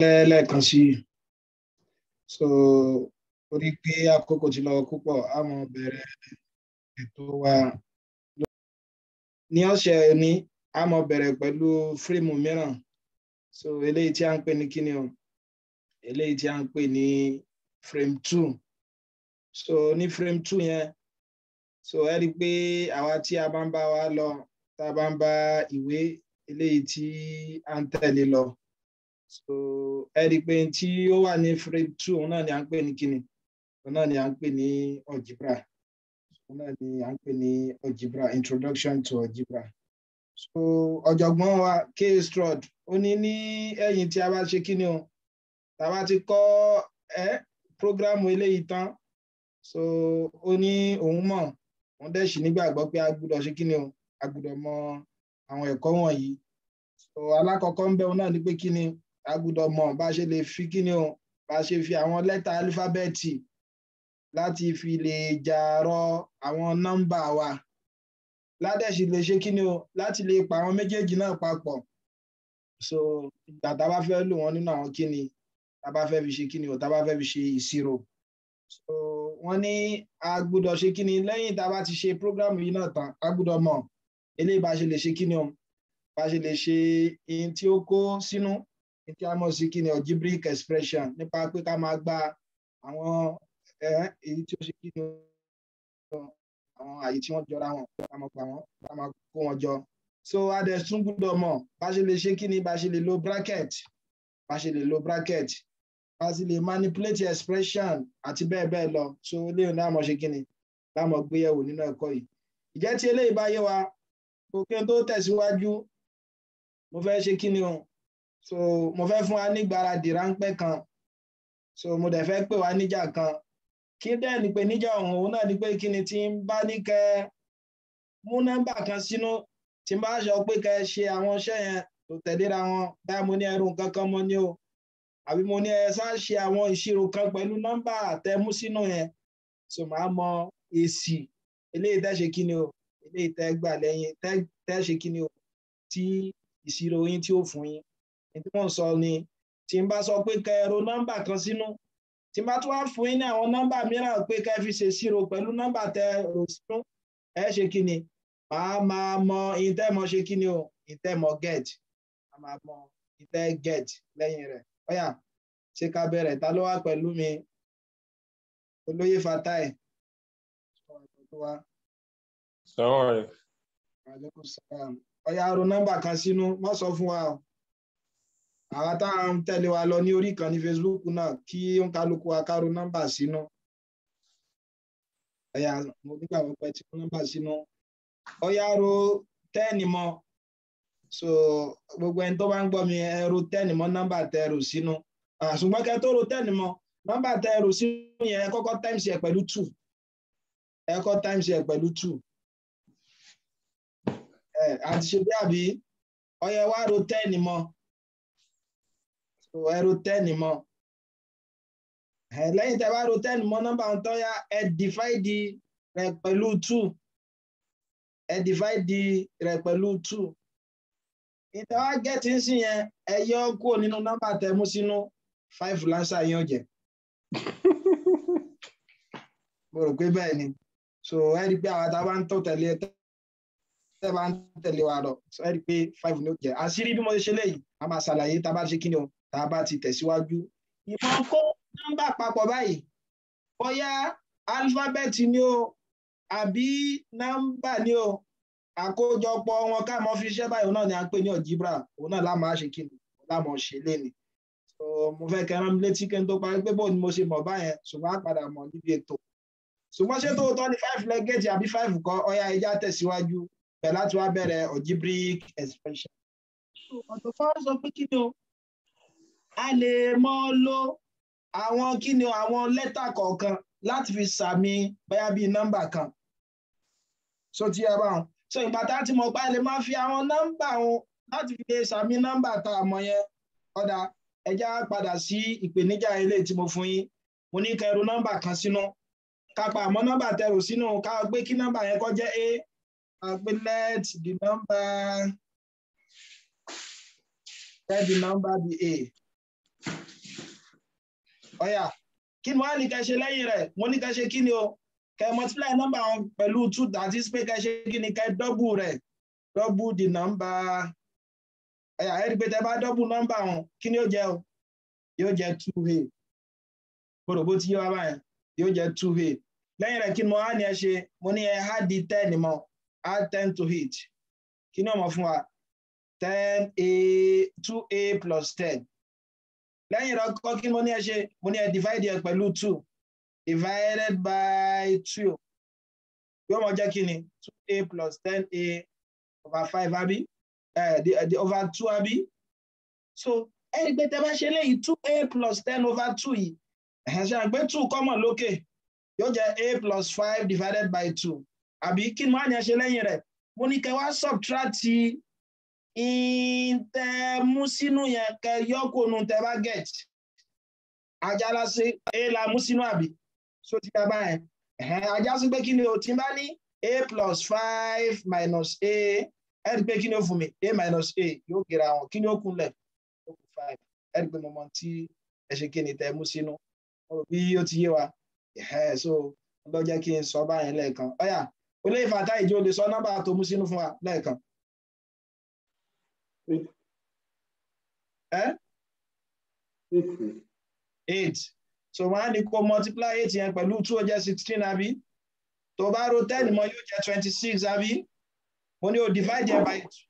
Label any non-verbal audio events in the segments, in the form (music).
lẹ́ẹ̀kan sí i so orí pé àkókò ti lọ púpọ̀ a máa bẹ̀rẹ̀ ètò wa ní ọ̀sẹ̀ ní a máa bẹ̀rẹ̀ pẹ̀lú fíìmù mìíràn so eléyìí tí a ń pè ní kíni o eléyìí tí a ń pè ní frame two so ní frame two yẹn so ẹ rí i pé àwa tí a bá ń bá wa lọ tá a bá ń bá ìwé eléyìí tí a ń tẹ̀lé lọ so ẹ rí i pé tí ó wà ní frame two náà ni à ń pè ní kíni náà ni à ń pè ní algebra òun náà ni à ń pè ní algebra introduction to algebra so ọ̀jọ̀gbọ́n wa k strud ó ní ní ẹ̀yìn tí a bá ṣe kíni o tá a bá ti kọ́ ẹ́ prógrámù eléyìí tán so ó ní òun mọ̀ wọ́n dẹ̀ sì nígbàgbọ́ pé a gbúdọ̀ ṣe kíni o a gbúdọ̀ mọ àwọn ẹ̀kọ́ wọ̀nyí so alákọ̀ọ́kọ́ ń bẹ òun náà ni pé kíni a gbọ́dọ̀ mọ̀ bá ṣe lè fi kíni o bá ṣe fi àwọn lẹ́tà alífábẹ́ẹ̀tì láti fi lè jàrọ àwọn nọ́mbà wa ládẹ́sì lè ṣe kíni o láti lè pa àwọn méjèèjì náà papọ̀ so ìgbà tá a bá fẹ́ lò wọ́n nínú àwọn kíni tá a bá fẹ́ fi ṣe kíni o tá a bá fẹ́ fi ṣe ìṣirò so wọ́n ní a gbọ́dọ̀ ṣe kíni lẹ́yìn tá a bá ti ṣe prógrámù yìí náà tán a gbọ́dọ̀ mọ̀ eléyìí bá ṣe lè ṣe kíni o bá ṣe lè ṣe ihun tí ó kó sínú tí a mọ̀ sí kí ni algebraic expression nípa pé ká máa gba àwọn èyí tí ó ṣe kí ni àwọn àyè tí wọ́n jọra wọn ká máa pa wọn ká máa kó wọn jọ so a dẹ̀ tún gbúdọ̀ mọ̀ bá ṣe lè ṣe kí ni bá ṣe lè lo bracket bá ṣe lè lo bracket bá ṣe lè manipulate expression àti bẹ́ẹ̀ bẹ́ẹ̀ lọ so léyìn náà mọ̀ ṣe kí ni láàmọ̀ gbéyẹ̀wò nínú ẹ̀kọ́ yìí ìjẹ́ tí eléyìí bá yé wa kò kí n tó tẹ̀síwájú mo fẹ́ ṣe kí ni o so mo fẹ́ fún wa ní gbáradì ráńpẹ́ kan so mo dẹ̀ fẹ́ pè wá níjà kan kí dẹ́ ni pé níjà ọ̀hún òun náà ni pé kí ni tí ń bá ní kẹ́ mú nọ́mbà kan sínú tí ń bá sọ pé kẹ́ ṣe àwọn iṣẹ́ yẹn tó tẹ̀léra wọn báyà mo ní ẹrù nǹkan kan mo ní o àbí mo ní ẹ ṣáà ṣe àwọn ìṣirò kan pẹ̀lú nọ́mbà àtẹ̀mú sínú yẹn so màá mọ èsì eléyìí tẹ́ ṣe kí ni o eléyìí tẹ́ gbà lẹ́yìn tẹ́ ṣe kí o tí ìṣirò yín tí ó fún yín tí mo sọ ni tí n bá sọ pé kẹ ro nọ́mbà kan sínú tí n bá tún wá fún yín ní àwọn nọ́mbà mìíràn pé kẹ fi ṣe ṣírò pẹ̀lú nọ́mbà tẹ rò sínú ẹ ṣe kí ni màá máa mọ ìtẹ́mọ ṣe kí ni o ìtẹ́mọ get màá máa mọ ìtẹ́ get lẹ́yìn rẹ̀ ọ̀yà ṣé ká bẹ̀rẹ̀ ta ló wá pẹ̀lú mi olóyè fatai ọ̀yà ro nọ́mbà kan sínú mọ́ sọ fún wa o. àwa tá à ń tẹ̀lé wa lọ ní orí Facebook náà kí ń kálukú wa nọ́mbà sínú ọ̀yà mo pẹ́ tí nọ́mbà sínú ọ̀yà so gbogbo ẹni tó bá ń gbọ́ mi ẹ tẹ́ẹ̀nì mọ́ nọ́mbà tẹ́ sínú àṣùgbọ́n kẹ́ tó ro tẹ́ẹ̀nì mọ́ nọ́mbà sínú times pẹ̀lú two ẹ kọ́ times pẹ̀lú two ẹ àti ṣe bí àbí ọ̀yà wa ro tẹ́ẹ̀nì ẹ ro ten mọ́ lẹ́yìn tẹ́ bá ro ten mọ́ nọ́mbà ń tán yá ẹ divide rẹ̀ pẹ̀lú two ẹ divide rẹ̀ pẹ̀lú two ìtawà gẹ́tì ń sìn yẹn ẹ yọ kúrò nínú nọ́mbà tẹ́ mú sínú five lansa yẹn jẹ (laughs) mo rò pé bẹ́ẹ̀ ni so ẹ rí i pé àwọn àtàwọn tó tẹ̀lé tẹ́ bá ń tẹ̀lé wa lọ ẹ rí i pé five ni ó jẹ àṣírí bí mo ṣe léyìí a máa ṣàlàyé tá a bá ṣe kí ni o tá a bá ti tẹ̀síwájú ìmọ̀ kó nọ́mbà papọ̀ báyìí bóyá alifábẹ́ẹ̀tì ni o àbí nọ́mbà ni o àkójọpọ̀ wọn ká mọ́ fi ṣiṣẹ́ báyìí òun náà ni à ń pè ní ọ̀jìbra òun náà láàmú àṣẹ kí ni láàmú ṣe léni mo fẹ́ kẹran mi létí kí n tó parí pé bóun ni mo ṣe mọ̀ báyẹn ṣùgbọ́n á padà mọ̀ níbi ètò ṣùgbọ́n ṣé tóótọ́ ni five lẹ́gẹ̀ẹ́tì àbí five kọ́ ọ̀yà ẹja tẹ̀síwájú bẹ̀ láti wá bẹ̀rẹ̀ ọ̀jìbric expression. ọ̀dọ̀ fáwọn sọ pé kí ni o a lè mọ lo àwọn kí ni àwọn lẹ́tà kọ̀ọ̀kan láti fi sàmì báyà bíi nọ́mbà kan so ti yá báwọn so ìgbà tá a ti mọ̀ pa a lè máa fi àwọn nọ́mbà wọn láti fi lè sàmì nọ́mbà tá a mọ̀ yẹn ọ̀dà ẹja padà sí ìpèníjà ilé tí mo fún yín mo ní kẹrù nọ́mbà kan sínú kápá àmọ́ nọ́mbà tẹrù sínú ká gbé kí nọ́mbà yẹn kọ́ jẹ́ a gbé let the number let the number be a ọ̀yà kí ni wàá ní kẹ́ ṣe lẹ́yìn rẹ̀ mo ní kẹ́ ṣe kí ni o kẹ́ multiply number wọn pẹ̀lú two that is pé kẹ́ ṣe kí ni kẹ́ double rẹ̀ double the number ọ̀yà ẹ̀rí pé tẹ́ bá double number wọn kí ni yóò jẹ́ o yóò jẹ́ two a gbọ́dọ̀ bó ti yé wa báyẹn yóò jẹ́ two a lẹ́yìn rẹ̀ kí ni mo á ní ẹ ṣe mo ní ẹ add the ten mọ́ add ten to hit. kí ni ọmọ fún wa ten a two a plus ten lẹ́yìn ìrọ́kọ́ kí mo ní ẹ ṣe mo ní ẹ divide ẹ pẹ̀lú two divided by two yóò mọ jẹ́ kí ni two a plus ten a over five àbí over two àbí so ẹ rí i pé tẹ bá ṣe léyìí two a plus ten over two yìí ẹ̀hẹ́n ṣe àgbẹ̀ two common lókè yóò jẹ́ a plus five divided by two àbí kí ni wọ́n á yẹn ṣe lẹ́yìn rẹ̀ mo ní kẹ́ wá subtract ìtẹ mú sínú yẹn kẹ yọkùnù tẹ bá gẹt ajala ṣe é la mú sínú àbí so ti dábàá yẹn ajá sí pé kí ni o ti bá ní a plus five minus a ẹ rí i pé kí ni ó fún mi a minus a yóò gera wọn kí ni ó kúnlẹ̀ ó kù five ẹ rí i pé mo mọ tí ẹ ṣe kí ni tẹ mú sínú bí ó ti yé wa so lọ jẹ́ kí n sọ báyìí lẹ́ẹ̀kan ọ̀yà olóyè fàtà ìjọ lè sọ nọ́mbà tó mú fún wa lẹ́ẹ̀kan. Eight. Eight. So wọ́n á ní kó multiply eight yẹn pẹ̀lú two ó jẹ́ sixteen àbí? Tó bá ro ten mọ́ yóò jẹ́ twenty six àbí? Mo ní o divide yẹn by two.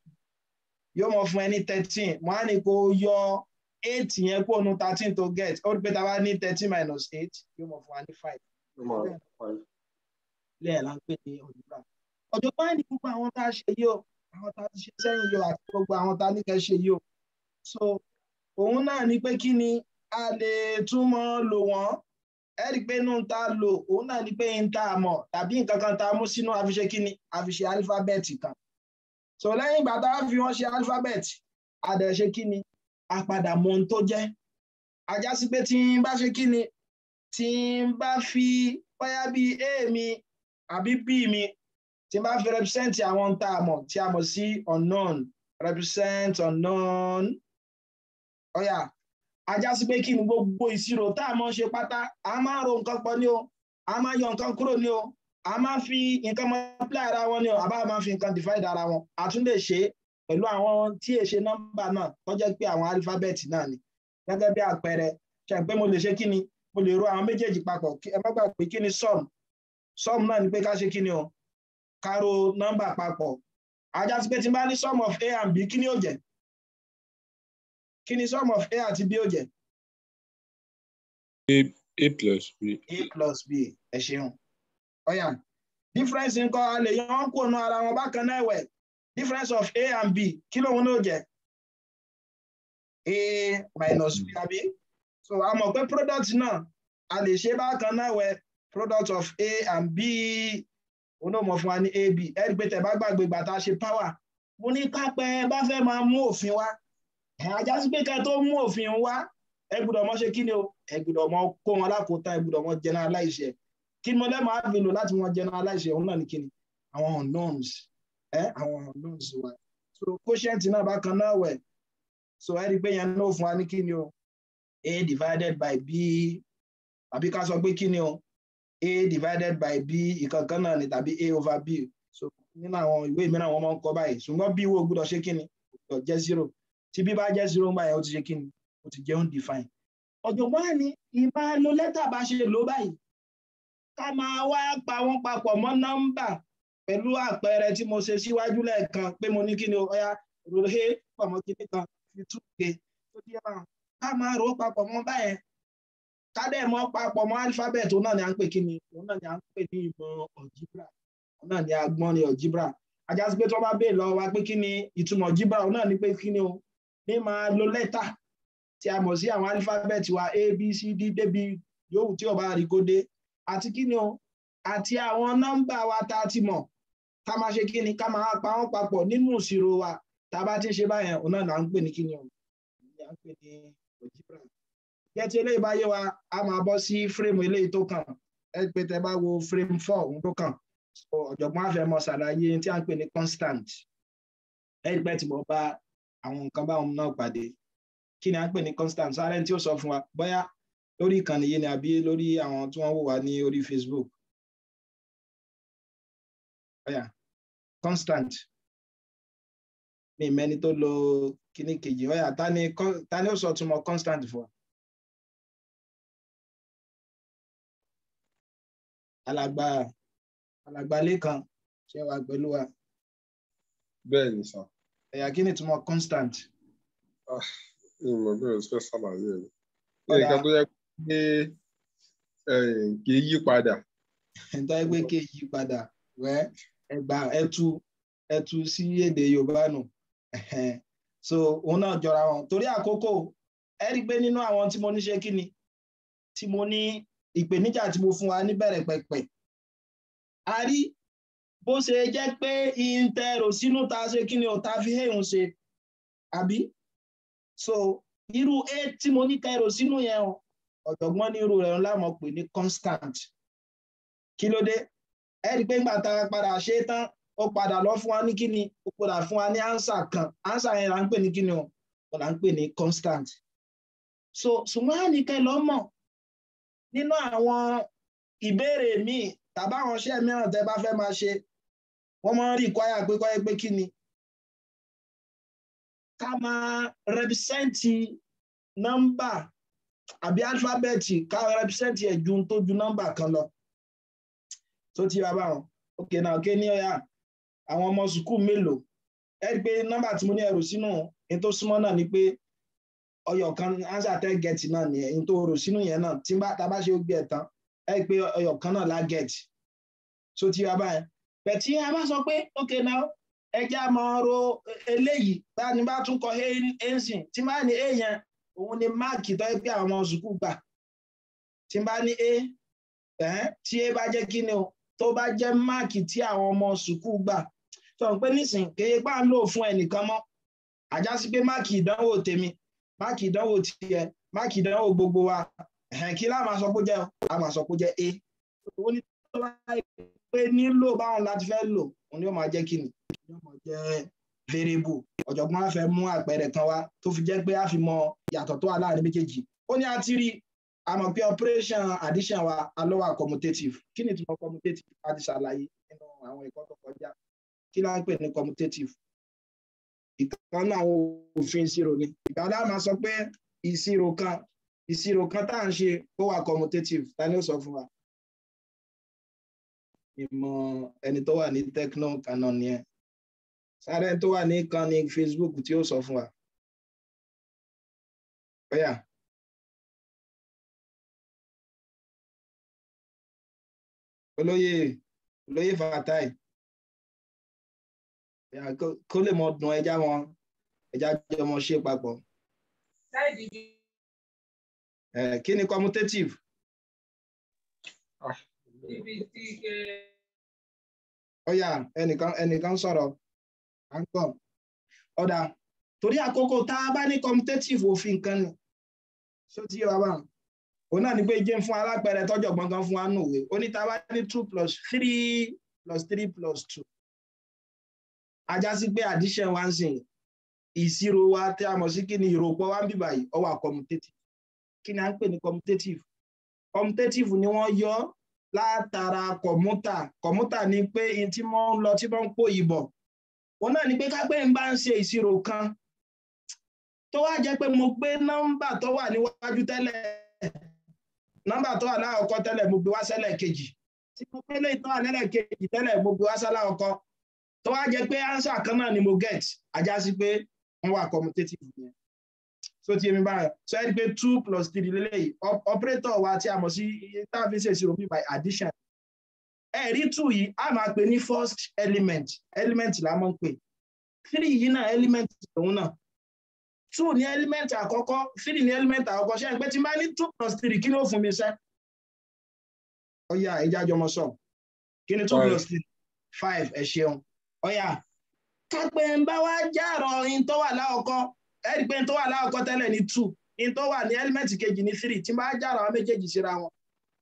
Yóò mọ fún ẹ ní thirteen. Wọ́n á ní kó yọ eight yẹn kó nu thirteen to get. Ó rí pé ní thirteen minus eight yóò mọ fún wa ní five. Lẹ́yìn la ń pè ní òdìbà. Ọ̀jọ̀gbọ́n ní gbogbo àwọn tá a ṣe yìí o àwọn tá a ti ṣe sẹ́yìn yìí àti gbogbo àwọn tá a ní kẹ́ ṣe yìí o so òun náà ni pé kí ni a lè túmọ̀ lò wọ́n ẹ rí i pé inú ta lò òun náà ni pé n ta mọ̀ tàbí nǹkan kan ta mú sínú àfiṣe kí àfiṣe álífábẹ́ẹ̀tì kan so lẹ́yìn ìgbà tá a fi wọ́n ṣe álífábẹ́ẹ̀tì a dẹ̀ ṣe kí ni a padà mọ ohun tó jẹ́ ajá pé tí n bá ṣe kí tí n bá fi bóyá bíi a mi àbí b mi tí máa fi represent àwọn tá a mọ̀ tí a mọ̀ sí unknown represent unknown ọ̀yà ajá sí pé kí ni gbogbo ìṣirò tá a mọ̀ ṣe pátá a máa ro nǹkan pọ̀ ní o a máa yọ nǹkan kúrò ní o a máa fi nǹkan multiply ara wọn ní o àbá máa fi nǹkan divide ara wọn a tún lè ṣe pẹ̀lú àwọn tí è ṣe nọ́mbà náà tó pé àwọn alifábẹ́ẹ̀tì náà ni gẹ́gẹ́ bí àpẹẹrẹ ṣe pé mo lè ṣe kí mo lè ro àwọn méjèèjì papọ̀ ẹ má gbà pé kí ni sum náà ni pé ká ṣe kí o káró nọ́mbà papọ̀ ajá sí pé tí n bá ní sum of a and b kí ni ó jẹ́ kí ni sum of a àti b ó a a plus b. a plus b ẹ ṣeun ọ̀yà difference nǹkan a lè yan kó nu ara wọn bákan náà ẹ̀wẹ̀ difference of a and b kí lóun náà jẹ́ a minus b àbí so a mọ̀ pé product náà a lè ṣe bákan náà ẹ̀wẹ̀ product of a and b òun mọ̀ fún wa ní ab ẹ bá gbàgbé ìgbà tá a ṣe power mo ní pápẹ́ bá fẹ́ máa mú òfin wá àjá pé ká tó mú òfin wá ẹ gbọ́dọ̀ mọ̀ ṣe kí ni o ẹ gbọ́dọ̀ mọ̀ kó wọn lákòótá ẹ gbọ́dọ̀ mọ̀ generalize ẹ kí ni mo lẹ́ máa fi lò láti wọn generalize ẹ òun náà ní kí ni àwọn unknowns ẹ àwọn unknowns wa so quotient náà bákan náà wẹ̀ so ẹ rí i pé yẹn náà fún wa ní kí ni o a divided by b àbí ká sọ pé kí ni o a divided by b ìkankan náà ni tàbí a over b so nínú àwọn ìwé mìíràn wọn máa ń kọ báyìí ṣùgbọ́n b wo gbọ́dọ̀ ṣe kí ni jẹ́ zero tí b bá jẹ́ zero ńgbà yẹn ó ti ṣe kí ó ti jẹ́ undefined ọ̀jọ̀gbọ́n á ní ìmọ̀ lo lẹ́tà bá ṣe lò báyìí ká máa wá pa wọ́n papọ̀ mọ́ nọ́mbà pẹ̀lú àpẹẹrẹ tí mo ṣe síwájú lẹ́ẹ̀kan pé mo ní kí ni ọ̀ya kan fi túge tó dé bá ká rò papọ̀ mọ́ báyẹn tádẹ̀ mọ́ papọ̀ mọ́ alifábẹ́ẹ̀tì òun náà ni à ń pè kí ni òun náà ni à ń pè ní ìmọ̀ ọ̀jíbrà òun náà ni agbọ́n ni ọ̀jíbrà ajásí pé tí wọ́n bá béèrè lọ́wọ́ wa pé kí ni ìtumọ̀ ọ̀jíbrà òun náà ni pé kí ni o ní máa lo lẹ́tà tí a mọ̀ sí àwọn alifábẹ́ẹ̀tì wa a b c d débi e, yòówù tí ọba àríkóde àti kí ni o àti àwọn nọ́mbà wa tá a ti mọ̀ ká máa ṣe kí ni ká máa pa wọ́n papọ̀ nínú ìṣirò wa tá a bá ti ṣe báyẹn òun náà là ń pè ní kí ni o là ń pè ní ọ̀jíbrà jẹ́ tí eléyìí bá yé wa a máa bọ́ sí fírémù eléyìí tó kàn ẹ pé tẹ bá wo fírémù four òun tó kàn ọ̀jọ̀gbọ́n àfẹ́mọ́ ṣàlàyé tí a ń pè ní constant ẹ pẹ́ tí mo bá àwọn nǹkan báwọn náà pàdé kí ni a ń pè ní constant sáré tí ó sọ fún wa bóyá lórí ìkànnì yìí ni àbí lórí àwọn tí wọ́n wò wá ní orí Facebook bóyá constant mi mẹ́ni tó lo kíní kejì bóyá tani ni ó sọ túmọ̀ constant fún wa. alàgbà alàgbà lẹ́kan ṣe wà pẹ̀lú wa. bẹ́ẹ̀ ni sà. ẹ̀yà kí ni ìtumọ̀ constant. ìmọ̀ ah, bẹ́ẹ̀ fẹ́ ṣàlàyé rẹ̀. ní ìka tó yẹ pé kì í yí padà. ìta ẹgbẹ́ kì í yí padà wẹ́ ẹgbà ẹtu ẹtu sí èdè Yorùbá nù so òun náà jọra wọn torí àkókò ẹ rí i pé nínú àwọn tí mo ní ṣe kí ni tí mo ní ìpèníjà tí mo fún wa níbẹ̀rẹ̀ pẹ̀pẹ̀ a rí bó ṣe jẹ́ pé ìntẹ̀rò sínú ta ṣe kí ni ọ̀tá fi hẹ́hùn ṣe àbí so irú e tí mo ní kẹrò sínú yẹn o ọ̀jọ̀gbọ́n ní irú rẹ̀ ńlá mọ̀ ní constant kí ló dé ẹ rí i pé ńgbà padà ṣe é tán ó padà lọ fún wa ní ó padà fún nínú àwọn ìbéèrè míì tàbáwọn iṣẹ́ mìíràn tẹ́ bá fẹ́ máa ṣe wọ́n máa ń rí ìkwáyà pé kọ́yé pé kí ni ká máa rẹpísẹ́ǹtì nọ́mbà àbí alifábẹ́ẹ̀tì ká rẹpísẹ́ǹtì ẹ̀ ju tó ju nọ́mbà kan lọ tó ti bá báwọn òkè náà òkè ní ọ̀yà àwọn ọmọ sùkúù mélòó ẹ pé nọ́mbà tí mo ní ẹrù sínú ètò súnmọ́ náà ni pé ọyọ kan answer tẹ get náà nìyẹn n tó rò sínú yẹn náà tí tá a bá ṣe gbé ẹ tán ẹ pé ọyọ kan náà la get so tí a bá yẹn bẹ̀tí a bá sọ pé okay now ẹja máa ro eléyìí bá ní bá tún kọ ẹnsìn tí bá ní a òun ni máàkì tó pé àwọn ọmọ sùkúù gbà tí bá ní a tí a bá jẹ́ kí ni o tó bá jẹ́ máàkì tí àwọn ọmọ sùkúù gbà sọ pé nísìnyí kéye pàǹlò fún ẹnìkan mọ́ àjásí pé máàkì ìdánwò tèmi máàkì ìdánwò tiẹ̀ máàkì ìdánwò gbogbo wa ẹ̀hẹ̀n kí láà máa sọ pé jẹ́ a máa sọ pé jẹ́ a owó ní tó láì pé nílò báwọn láti fẹ́ lò òun yóò máa jẹ́ kí ni yóò máa jẹ́ variable ọ̀jọ̀gbọ́n á fẹ́ mú àpẹẹrẹ kan wá tó fi jẹ́ pé a fi mọ ìyàtọ̀ tó wà láàrin méjèèjì ó ní àti rí àmọ́ pé operation addition wa alọ́wà commutative kí ni ìtumọ̀ commutative a ti ṣàlàyé nínú àwọn ẹ̀kọ́ tó kọjá kí láà pè ní commutative ìkan náà àwọn òfin ìṣirò ni ìgbàdá máa sọ pé ìṣirò kan ìṣirò kan tá à ń ṣe ó wà commutative ta ni ó sọ fún wa. ìmọ̀ ẹni tó wà ní Tecno Canon nìyẹn sáré tó wà ní ìkànnì Facebook tí ó sọ fún wa. Bóyá. olóyè olóyè Fatai kó lè mọ dùn ẹja wọn ẹja jọ mọ ṣe papọ̀. kí ni commutative. ọ̀yà ah. ẹnìkan ẹnìkan sọ̀rọ̀ à ń gbọ́ ọ̀dà torí àkókò tá a bá ní commutative òfin kan ni ṣó ti yẹ wá báwọn òun náà ní pé jẹ́ fún alápẹ̀rẹ̀ tọ́jọ̀ gbọ̀ngàn fún wa nùwé ó ní tá a bá ní two plus three plus three plus two ajá sí pé addition wa ń sìn ìṣirò wa tí a mọ̀ sí kí ni ìròpọ̀ wa ń bì báyìí ó wà kí ni à ń pè ní commutative commutative ni wọ́n yọ látara commuter commuter ni pé in tí wọ́n ń lọ tí wọ́n ń pò ìbọ̀ òun náà ni pé kápẹ́ ń bá ń ṣe ìṣirò kan tó wá jẹ́ pé mo gbé nọ́mbà tó wà níwájú tẹ́lẹ̀ nọ́mbà tó wà láàkọ́ tẹ́lẹ̀ mo gbé wá sẹ́lẹ̀ kejì tí mo gbé lẹ́yìn tó tó wá jẹ́ pé ánsà kan náà ni mo get ajá sí pé wọ́n wà commutative yẹn so ti èmi báyọ̀ so ẹni pé two plus three lélẹ́yìí operator wa tí a mọ̀ sí táàfin ṣe ìṣirò bíi by addition ẹ̀rí two yìí a máa pè ní first element element là á mọ̀ ń pè three yìí náà element òun náà two ni element àkọ́kọ́ three ni element àkọ́kọ́ ṣe é pé tí n bá ní two plus three kí ló fún mi ṣe ọ̀ya ìjájọmọ sọ kí ni two plus three five ẹ ṣeun ọya kápẹ́ ń bá wá járọ̀ in tó wà láọkọ́ ẹ̀rí pé in tó wà láọkọ́ tẹ́lẹ̀ ní two in tó wà ní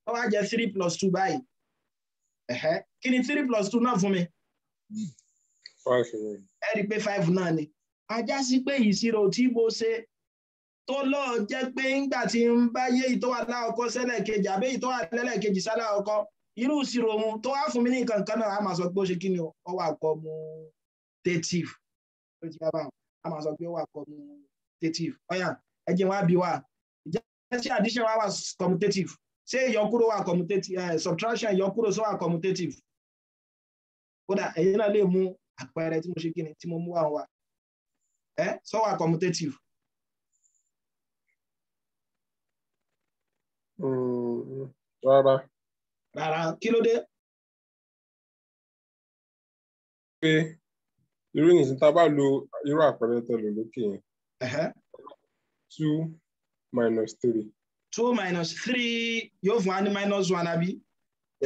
wọn ó wá three plus two báyìí ni three plus two náà fún mi. ẹ̀rí pé five náà ni ajá sí pé ìṣirò tí mo ṣe tó lọ́ọ́ jẹ́ pé ńgbà tí ń bá yé ìtọ́wà láọkọ́ sẹ́lẹ̀ kejì àbẹ́ ìtọ́wà lẹ́lẹ̀ kejì irú ìṣirò ohun tó wá fún mi ní nǹkan kan náà a máa sọ pé ó ṣe kí ni ó wà commutative ó ti bá a máa sọ pé ó wà wa ìjẹ́ sí wà commutative ṣé ìyọkúrò wà commutative subtraction ìyọkúrò sọ wà commutative kódà ẹ̀yin náà lè mú àpẹẹrẹ tí mo ṣe kí ni tí mo mú àwọn wa ẹ sọ wà commutative. Hmm, rárá. rárá kí ló dé. pé irú nìyí tá a bá lo irú àpẹẹrẹ tó lò lókè yẹn two minus three. two minus three yóò fún wa ní minus one àbí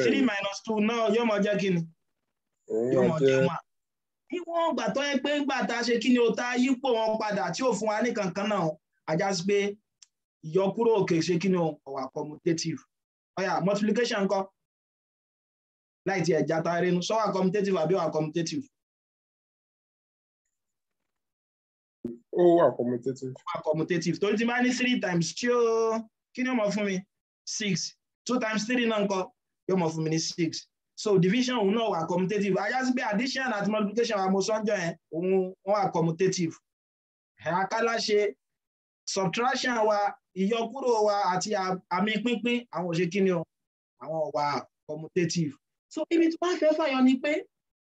three minus two náà yóò mọ jẹ́ kí ni yóò mọ jẹ́ one níwọ̀n ìgbà tó yẹ pé ńgbà tá a ṣe kí ni o tá a yípo wọn padà tí ò fún wa ní kankan náà ajá sí pé ìyọkúrò òkè ṣe kí ni o ọ̀wà commutative ọ̀yà multiplication ńkọ́ láì ti ẹ̀já ta eré nu sọ́wọ́ accommodative àbí accommodative. ó wà accommodative. accommodative torí ti máa ní three times tí ó kí ni ó mọ fún mi six two times three náà ńkọ́ yóò mọ fún mi ní six so division òun náà wà commutative ajá sí pé addition àti multiplication àmọ́ sọ́njọ́ yẹn òun wọ́n wà commutative àkálà ṣe subtraction wa ìyọkúrò wa àti àmì pínpín àwọn òṣèkíni o àwọn wà commutative so ibi tí wọ́n fẹ́ fàyọ ni pé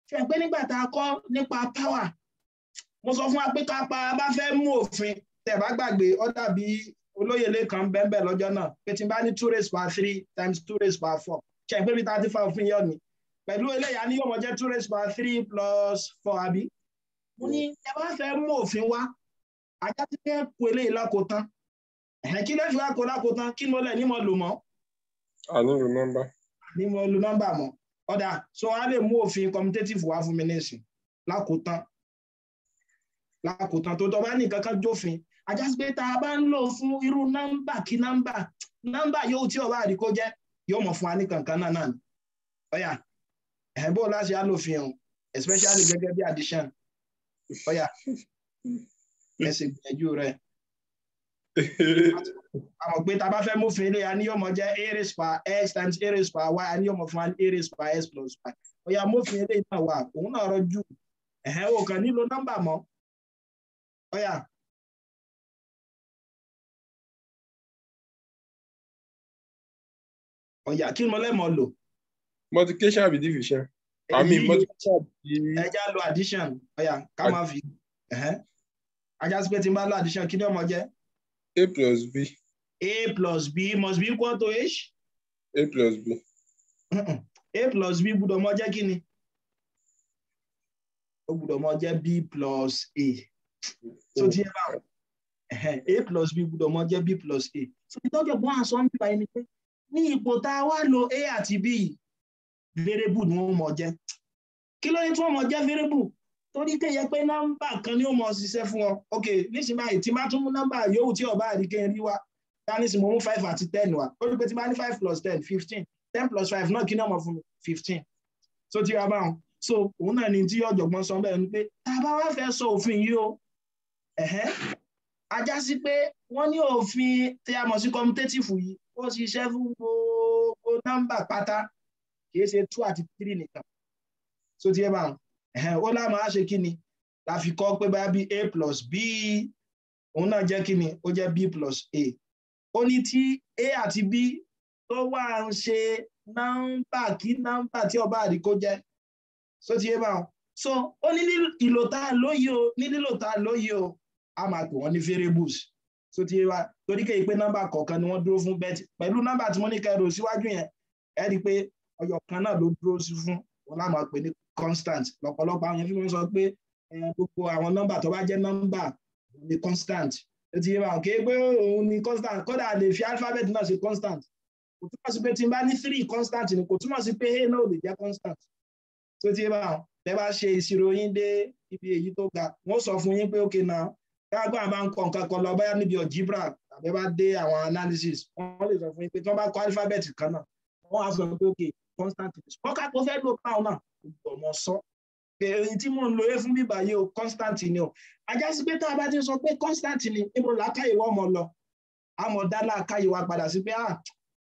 ṣe pé nígbà tá a kọ́ nípa power mo sọ fún wa pé kápá bá fẹ́ mú òfin tẹ̀ bá gbàgbé ó dàbí olóyè lẹ́kan bẹ́ẹ̀ lọ́jọ́ náà pé tí n bá ní two raised by three times two raised by four ṣe pé bí thirty five òfin yọ ni pẹ̀lú eléyà ni yóò mọ jẹ́ two raised by three plus four àbí. mo ní ẹ bá fẹ́ mú òfin wá ajá ti fẹ́ po eléyìí lákòótán kí ló fi wá kó lákòótán kí mo lẹ̀ ní mo lò mọ́. àní mo lu nọ́mbà mọ́ ọ̀dà so a lè mú òfin commutative wá fún mi nísìn lákòótán lákòótán tó tọ́ bá ní kankan jófin ajásí pé tá a bá ń lò fún irú nọ́mbà kí nọ́mbà nọ́mbà yóò tí ọba àdìkó jẹ́ yóò mọ̀ fún wa ní kankan náà náà ọ̀yà ẹ̀hìn bó láti alófin o especially gẹ́gẹ́ bí addition ọ̀yà ẹ̀sìn gbìyànjú rẹ̀ àmọ̀ pé tá a bá fẹ́ mú fèrè a ní ọmọ jẹ́ a raised by x times a raised by y a ní ọmọ fún wa a raised by x plus y ó yá mú fèrè náà wà òun náà rọjú ẹ̀hẹ́ o kàn nílò nọ́mbà mọ́ ó yá. ó kí mo lẹ́mọ̀ lò. multiplication àbí division. àmì multiplication àbí. ẹja lo addition ó ká má fi. ajá sí pé tí n bá lo addition kí ni ọmọ jẹ́. A plus B. A plus B must be equal to H. A plus B. A plus B gbọ́dọ̀ mọ jẹ́ kí ni? Ó mọ jẹ́ B plus A. So ti yẹ báwo? A plus B gbọ́dọ̀ mọ jẹ́ B plus A. So ìtọ́jú ọgbọ́n àṣọ ń bípa ẹni pé ní ipò tá a wá lo A àti B yìí, variable ni wọ́n mọ jẹ́. Kí ló ní tí wọ́n mọ jẹ́ variable? torí kẹ́ yẹ pé nọ́mbà kan ni ó mọ ṣiṣẹ́ fún ọ ok níṣìí báyìí tí má tún mú nọ́mbà yòówù tí ọba àríkẹ́ rí wa ká ní sinmi mú five àti ten wa ó pé tí bá ní five plus ten fifteen ten plus five náà kí náà mọ̀ fún fifteen so tí wàá bá so òun náà ni tí ọ̀jọ̀gbọ́n sọ bẹ́ẹ̀ ni pé tá a bá wá fẹ́ sọ òfin yìí o ajá sí pé wọ́n ní òfin tí a mọ̀ sí commutative yìí ó ṣiṣẹ́ fún gbogbo nọ́mbà pátá kì í ṣe two àti three nìkan so tí ẹ bá ó láwọn á ṣe kí ni la fi kọ́ pé bá bí a plus b òun náà jẹ́ kí ni ó jẹ́ b plus a ó ní tí a àti b tó wà ń ṣe nọ́mbà kí nọ́mbà tí ọba àdìkó jẹ́ so ti yé bá wọn so ó ní ìlò tá a lóye o ní lílò tá a lóye o a máa pè wọ́n ní variables so ti yé wa torí kéyìí pé nọ́mbà kọ̀ọ̀kan ni wọ́n dúró fún bẹ́ẹ̀ pẹ̀lú nọ́mbà tí mo ní kẹrò síwájú yẹn ẹ pé ọyọ kan náà ló dúró sí fún wọn láwọn máa pè ní constant lọ́pọ̀lọpọ̀ àwọn yẹn fi wọ́n sọ pé gbogbo àwọn nọ́mbà tó bá jẹ́ nọ́mbà ni constant ó ti yé wa òkè pé òun ni constant kódà lè fi alphabet náà ṣe constant kò túmọ̀ sí pé tí n bá ní three constant ni kò túmọ̀ sí pé hey náà ò lè jẹ́ constant tó ti yé wa bẹ́ẹ̀ bá ṣe ìṣirò yín dé ibi èyí tó ga wọ́n sọ fún yín pé ok náà káàgbọ́n àbá ń kọ nǹkan kan lọ báyà níbi algebra tàbí bá dé àwọn analysis wọ́n lè sọ fún yín pé tí wọ́n bá kọ alphabet kan náà wọ́n á sọ pé ok constant english kọ́ka kó fẹ́ lò báwọn náà ọmọ sọ èyí tí mò ń lo efun bíbà yìí o constant ni o ajá sí pé tá a bá ti sọ pé constant ni níbo làákàyè wọ́n mọ̀ lọ àmọ́ dá làákàyè wa padà sí pé ah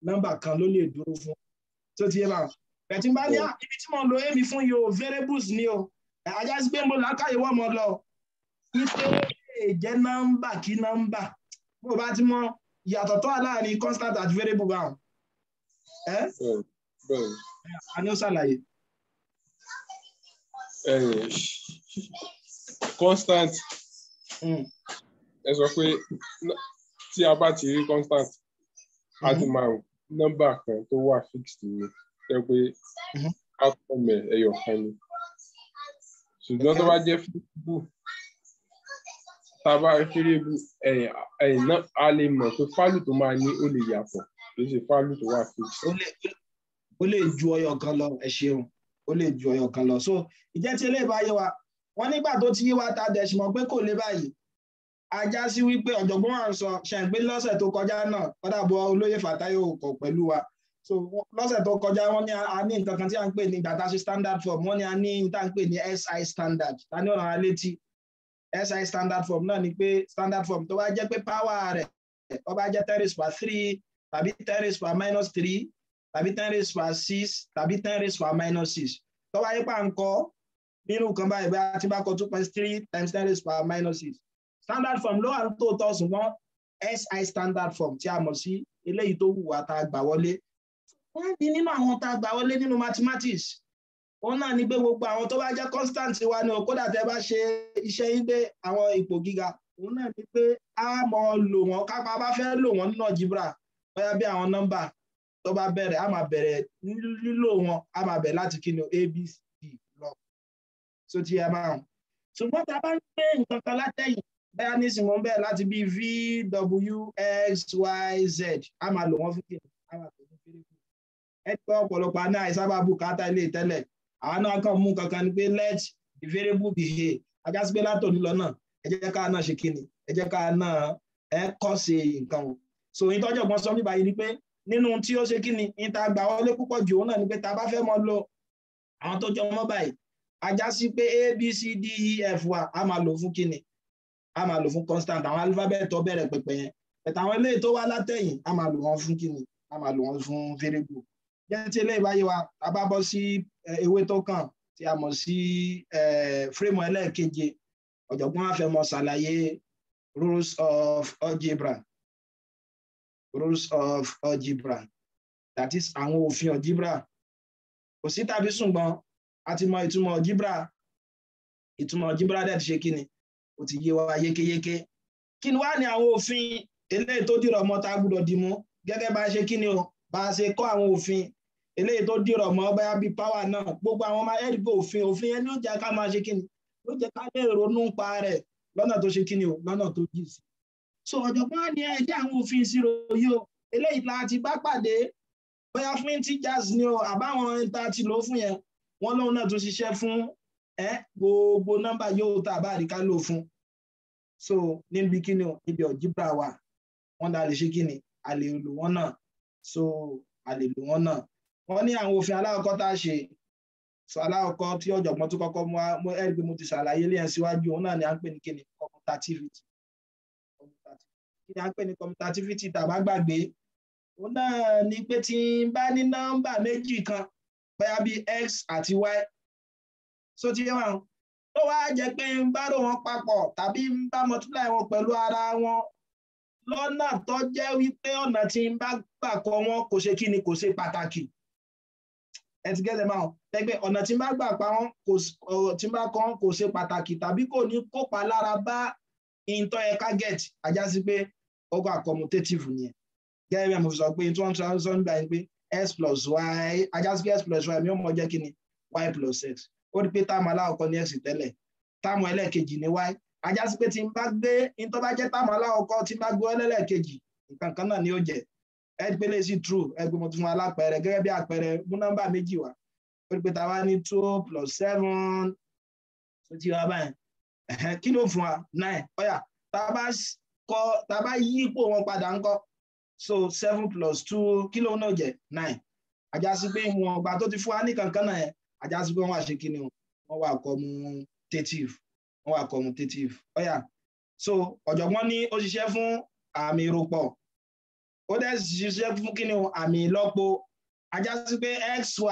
nọ́mbà kan ló lè dúró fún tó ti yé bá bẹ̀tí bá ní ah, ibi tí mò ń lo èmi fún yìí o variables ni o ajá sí pé níbo làákàyè wọ́n mọ̀ lọ ipe jẹ́ nọ́mbà kí nọ́mbà bó o bá ti mọ ìyàtọ̀ tó wà constant àti variable báwọn a ní ó ṣàlàyé. constant hmm. ẹ sọ pé tí a bá ti rí constant a ti hmm. máa nọ́mbà kan tó wà fixed ni jẹ́ pé hmm. outcome ẹ̀ ẹyọ kan ni ṣùgbọ́n tó bá jẹ́ fíbù tá a bá fíríbù a lè mọ̀ pé fálù tó máa ní ó lè yàtọ̀ kì í ṣe fálù tó wà fixed ó lè ju ọyọ kan lọ ẹ ṣeun ó lè ju ọyọ kan lọ so ìjẹ́ tí eléyìí bá yé wa wọ́n nígbà tó ti yé wa ta dẹ̀sí mọ̀ pé kò lè báyìí ajá sí wípé ọ̀jọ̀gbọ́n à ń sọ ṣàǹgbé lọ́sẹ̀ tó kọjá náà kọ́dà bọ olóyè Fàtáyé òkò pẹ̀lú wa so lọ́sẹ̀ tó kọjá wọ́n ní a ní nǹkan kan tí à ń pè ní gbàtà standard form wọ́n ní a ní tá à ń pè ní SI standard ta ní ọ̀nà alétí SI standard form náà ni pé standard form tó bá jẹ́ pé power rẹ̀ ó bá jẹ́ ten raised per three tàbí ten raised per minus three tàbí ten raised power six tàbí ten raised power minus six tó bá yípa ńkọ́ nínú nǹkan báyìí bí a ti bá kọ two point three times ten raised power minus six standard form ló wà ní tó tọ́ ṣùgbọ́n si standard form tí a mọ̀ sí eléyìí tó wù wá tá a gbà wọlé wọ́n di nínú àwọn tá a gbà wọlé nínú mathematics òun náà ni pé gbogbo àwọn tó bá jẹ́ constant wa ni o kódà tẹ́ bá ṣe iṣẹ́ yín dé àwọn ipò gíga òun náà ni pé a mọ̀ lò wọ́n kápá bá fẹ́ lò wọ́n nínú algebra bóyá bí àwọn nọ́mbà tó bá bẹ̀rẹ̀ a máa bẹ̀rẹ̀ lílò wọn a máa bẹ̀rẹ̀ láti kí ni abc lọ so ti ẹ máa hàn ṣùgbọ́n tá a bá ń gbé nǹkan kan látẹ̀yìn bẹ́ẹ̀ ní ìsìn mọ́ bẹ́ẹ̀ láti bí vwxyz a máa lò wọ́n fún kí a máa lò wọ́n fún kí ẹ gbọ́ ọ̀pọ̀lọpọ̀ àná àìsábà bùkátà ilé tẹ́lẹ̀ àwọn náà kàn mú kankan ni pé let the variable be here ajásí pé látòní lọ́nà ẹ jẹ́ ká náà ṣe kí ni ẹ jẹ́ ká náà ẹ kọ́ sí nǹkan o so ìtọ́jọ̀gbọ́n sọ níbàyí ni pé nínú tí ó ṣe kí ni níta gbà wọlé púpọ̀ jù òun náà ni pé ta bá fẹ́ mọ lọ àwọn tó jọ mọ́ báyìí ajá sí pé a b c d e f wa a máa lò fún kí ni a máa lò fún constant àwọn alifábẹ́ẹ̀tì ọbẹ̀rẹ̀ pẹ̀pẹ̀ yẹn bẹ̀tẹ̀ àwọn eléyìí tó wá látẹ̀yìn a máa lò wọ́n fún kí ni a máa lò wọ́n fún variable jẹ́ tí eléyìí báyìí wa a bá bọ́ sí eh, ewé tó kàn tí a mọ̀ sí eh, fírémù ẹlẹ́ẹ̀keje ọ̀jọ̀gbọ́n afẹ́mọ̀ rules of algebra rules of algebra that is àwọn òfin algebra kò sí tàbí ṣùgbọ́n a ti mọ ìtumọ̀ algebra ìtumọ̀ algebra dẹ̀ ti ṣe kí ni ó ti yé wa yékéyéké kí ni wá ní àwọn òfin eléyìí tó dìrọ̀ mọ́ tá a gbúdọ̀ dì mú gẹ́gẹ́ bá a ṣe kí ni o bá a ṣe kọ́ àwọn òfin eléyìí tó dìrọ̀ mọ́ báyà bíi pàwà náà gbogbo àwọn ọmọ ẹ̀rí pé òfin òfin yẹn ló jẹ́ ká máa ṣe kí ni ló jẹ́ ká lè ronú pa rẹ̀ lọ́nà tó ṣe kí ni o lọ́nà tó jì sí so ọ̀jọ̀gbọ́n ni ẹ jẹ́ àwọn òfin ìṣirò yìí o eléyìí la ti bá pàdé bóyá fún teachers ni o àbáwọn ta ti lò fún yẹn wọn lóun náà tún ṣiṣẹ́ fún ẹ gbogbo nọ́mbà yóò tà bá àríká lò fún so níbi kíni o níbi ọ̀jíbra wa wọn náà lè ṣe kíni a lò wọn náà so a lè lò wọn náà wọn ní àwọn òfin aláwọ̀kọ́ tá a ṣe so aláwọ̀kọ́ tí ọ̀jọ̀gbọ́n tó kọ́kọ́ mú ẹ mo ti ṣàlàyé lẹ́yìn síwájú òun náà ni à ń pè ní kíni consultativity kí a ń pè ní commutativity tàbá gbàgbé òun náà ni pé tí n bá ní nọ́mbà méjì kan bóyá bíi x àti y so ti yẹ wọn tó wá jẹ́ pé n bá rò wọn papọ̀ tàbí n bá multiply wọn pẹ̀lú ara wọn lọ́nà tó jẹ́ wípé ọ̀nà tí n bá gbà kọ wọn kò ṣe kí ni kò ṣe pàtàkì ẹ ti gẹ́gẹ́ máa tẹ́gbẹ́ ọ̀nà tí n bá gbà pa wọn tí n bá kọ wọn kò ṣe pàtàkì tàbí kò ní kópa lára bá ìntọ́ ẹ̀ka get àjásí pé ọgọ́ accomutative nìyẹn gẹ́gẹ́ bí mo sọ pé tí wọ́n tún sọ nígbà yẹn pé x plus y ajásí x plus y mi ò mọ jẹ́ kí ni y plus x ó rí pé táàmù aláwọ̀kọ́ ní x tẹ́lẹ̀ táàmù ẹlẹ́ẹ̀kejì ní y ajásí pé tí n bá gbé n tó bá jẹ́ táàmù aláwọ̀kọ́ tí n bá gbé ẹlẹ́ẹ̀kejì nǹkan kan náà ni ó jẹ́ ẹ pé lè sí true ẹ gbé mo tún wọn alápẹ̀rẹ̀ gẹ́gẹ́ bí àpẹẹrẹ mú nọ́mbà méjì wá ó rí pé tá a two plus seven tó ti wá báyìí kí ló fún wa nine ó yá tá a kọ́ tá bá yí ipò wọn padà ń so seven plus two kilo lóun náà jẹ́ nine àjàsí pé wọn ọgbà tó ti fún wa ní kankan náà yẹn àjàsí pé wọn wà ṣe kíni wọn wà commutative wọn wà commutative ọ̀yà so ọ̀jọ̀gbọ́n ní ó ṣiṣẹ́ fún àmì ìròpọ̀ ó dẹ̀ ṣiṣẹ́ fún kíni àmì ìlọ́po àjàsí pé xy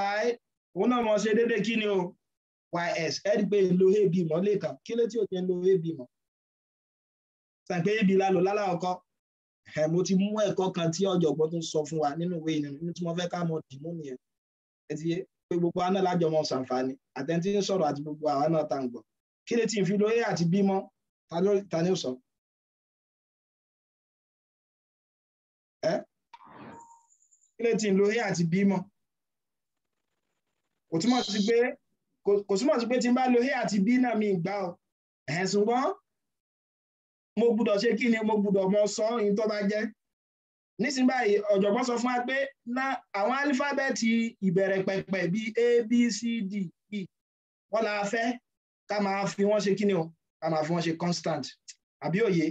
òun náà mọ̀ ṣe déédéé kíni o ys ẹ̀ ẹ́ pé lo ab mọ́ lẹ́ẹ̀kan kí ló tí ò jẹ́ lo ab mọ́ sàpé ibi lálò lálàkọ́ ẹ̀ mo ti mú ẹ̀kọ́ kan tí ọ̀jọ̀gbọ́n tó ń sọ fún wa nínú ìwé ìnìyàn tí mo fẹ́ ká mọ dìmú nìyẹn ẹ ti yé pé gbogbo àná lájọ mọ sàǹfààní àtẹ̀ntí ń sọ̀rọ̀ àti gbogbo àwọn náà tá à ń gbọ́ kí lè ti fi lóyè àti bímọ ta ni ó sọ. ẹ kí lè ti lóyè àti bímọ kò túmọ̀ sí pé tí n bá lóyè àti bí náà mi gbà ọ ẹ̀sùn gbọ́n mo gbúdọ̀ ṣe kí ni mo gbúdọ̀ mọ sọ ohun tó bá jẹ́ nísìnyí báyìí ọ̀jọ̀gbọ́n sọ fún wa pé àwọn álífábẹ́ẹ̀tì ìbẹ̀rẹ̀ pẹ̀pẹ̀ bíi a b c d e wọ́n la fẹ́ ká máa fi wọ́n ṣe kí ni o ká máa fi wọ́n ṣe constant àbí òye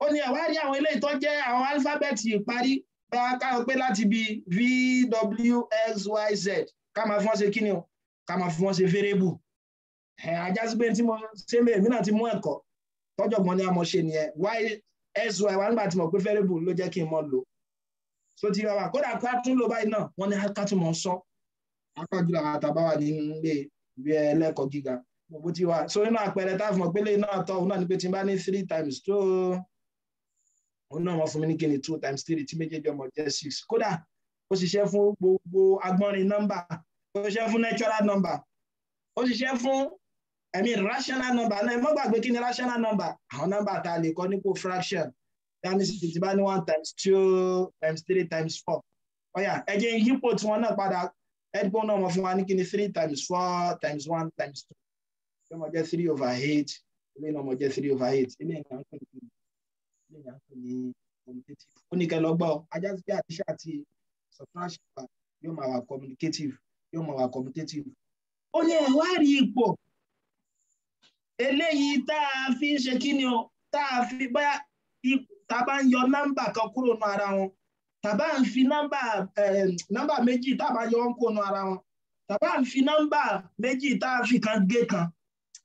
ó ní ẹ̀wá rí àwọn eléyìí tó jẹ́ àwọn álífábẹ́ẹ̀tì ìparí bá a ká pé láti bí v w x y z ká máa fi wọ́n ṣe kí ni o ká máa fi wọ́n ṣe variable ajásígbé tí mo ṣe mẹ́rin náà ti mú ẹ̀kọ́ tọ́jọ̀gbọ́n ní àmọ́ ṣe nìyẹn why sy wa nígbà tí mo pé variable ló jẹ́ kí n mọ̀ lò so ti yọ wa kódà ká tún lò báyìí náà wọ́n ní ká tún mọ̀ sọ apájú àwọn àtàbáwá ní ilé ìwé ẹlẹ́kọ̀ọ́ gíga gbogbo ti wa so nínú àpẹẹrẹ tá a fi mọ̀ pé lè náà tọ́ òun náà ni pé tí n bá ní three times two òun náà wọ́n fún mi ní kíni two times three tí méjèèjì ọmọ jẹ́ six kódà ó ṣiṣẹ́ fún gbogbo agbọ́nrin nọ́mbà ó ṣiṣẹ́ fún natural number ó ṣiṣẹ́ fún I mean rational number Now, ẹ mọ́ gbàgbé kí rational number Our number tá a lè kọ́ fraction that means it's bá one times two times three times four Oh yeah. Again, you put one up, padà ẹ̀dùnkún náà wọ́n fún wa ní three times four times one times two You ọmọ jẹ́ three over eight You ilé ọmọ get three over eight ilé ìyá ń pè ní ilé communicative ó ní kẹ́ lọ gbọ́ ajá sí pé àtiṣe àti subtraction yóò máa wà communicative Oh yeah. Why are you poor? eléyìí tá a fi ń ṣe kí ni o tá a fi bá tá a bá ń yọ nọ́mbà kan kúrò nù ara wọn tá a bá ń fi nọ́mbà eh, nọ́mbà méjì tá a bá yọ wọn kúrò nù ara wọn tá ń fi nọ́mbà méjì tá a fi kan gé kan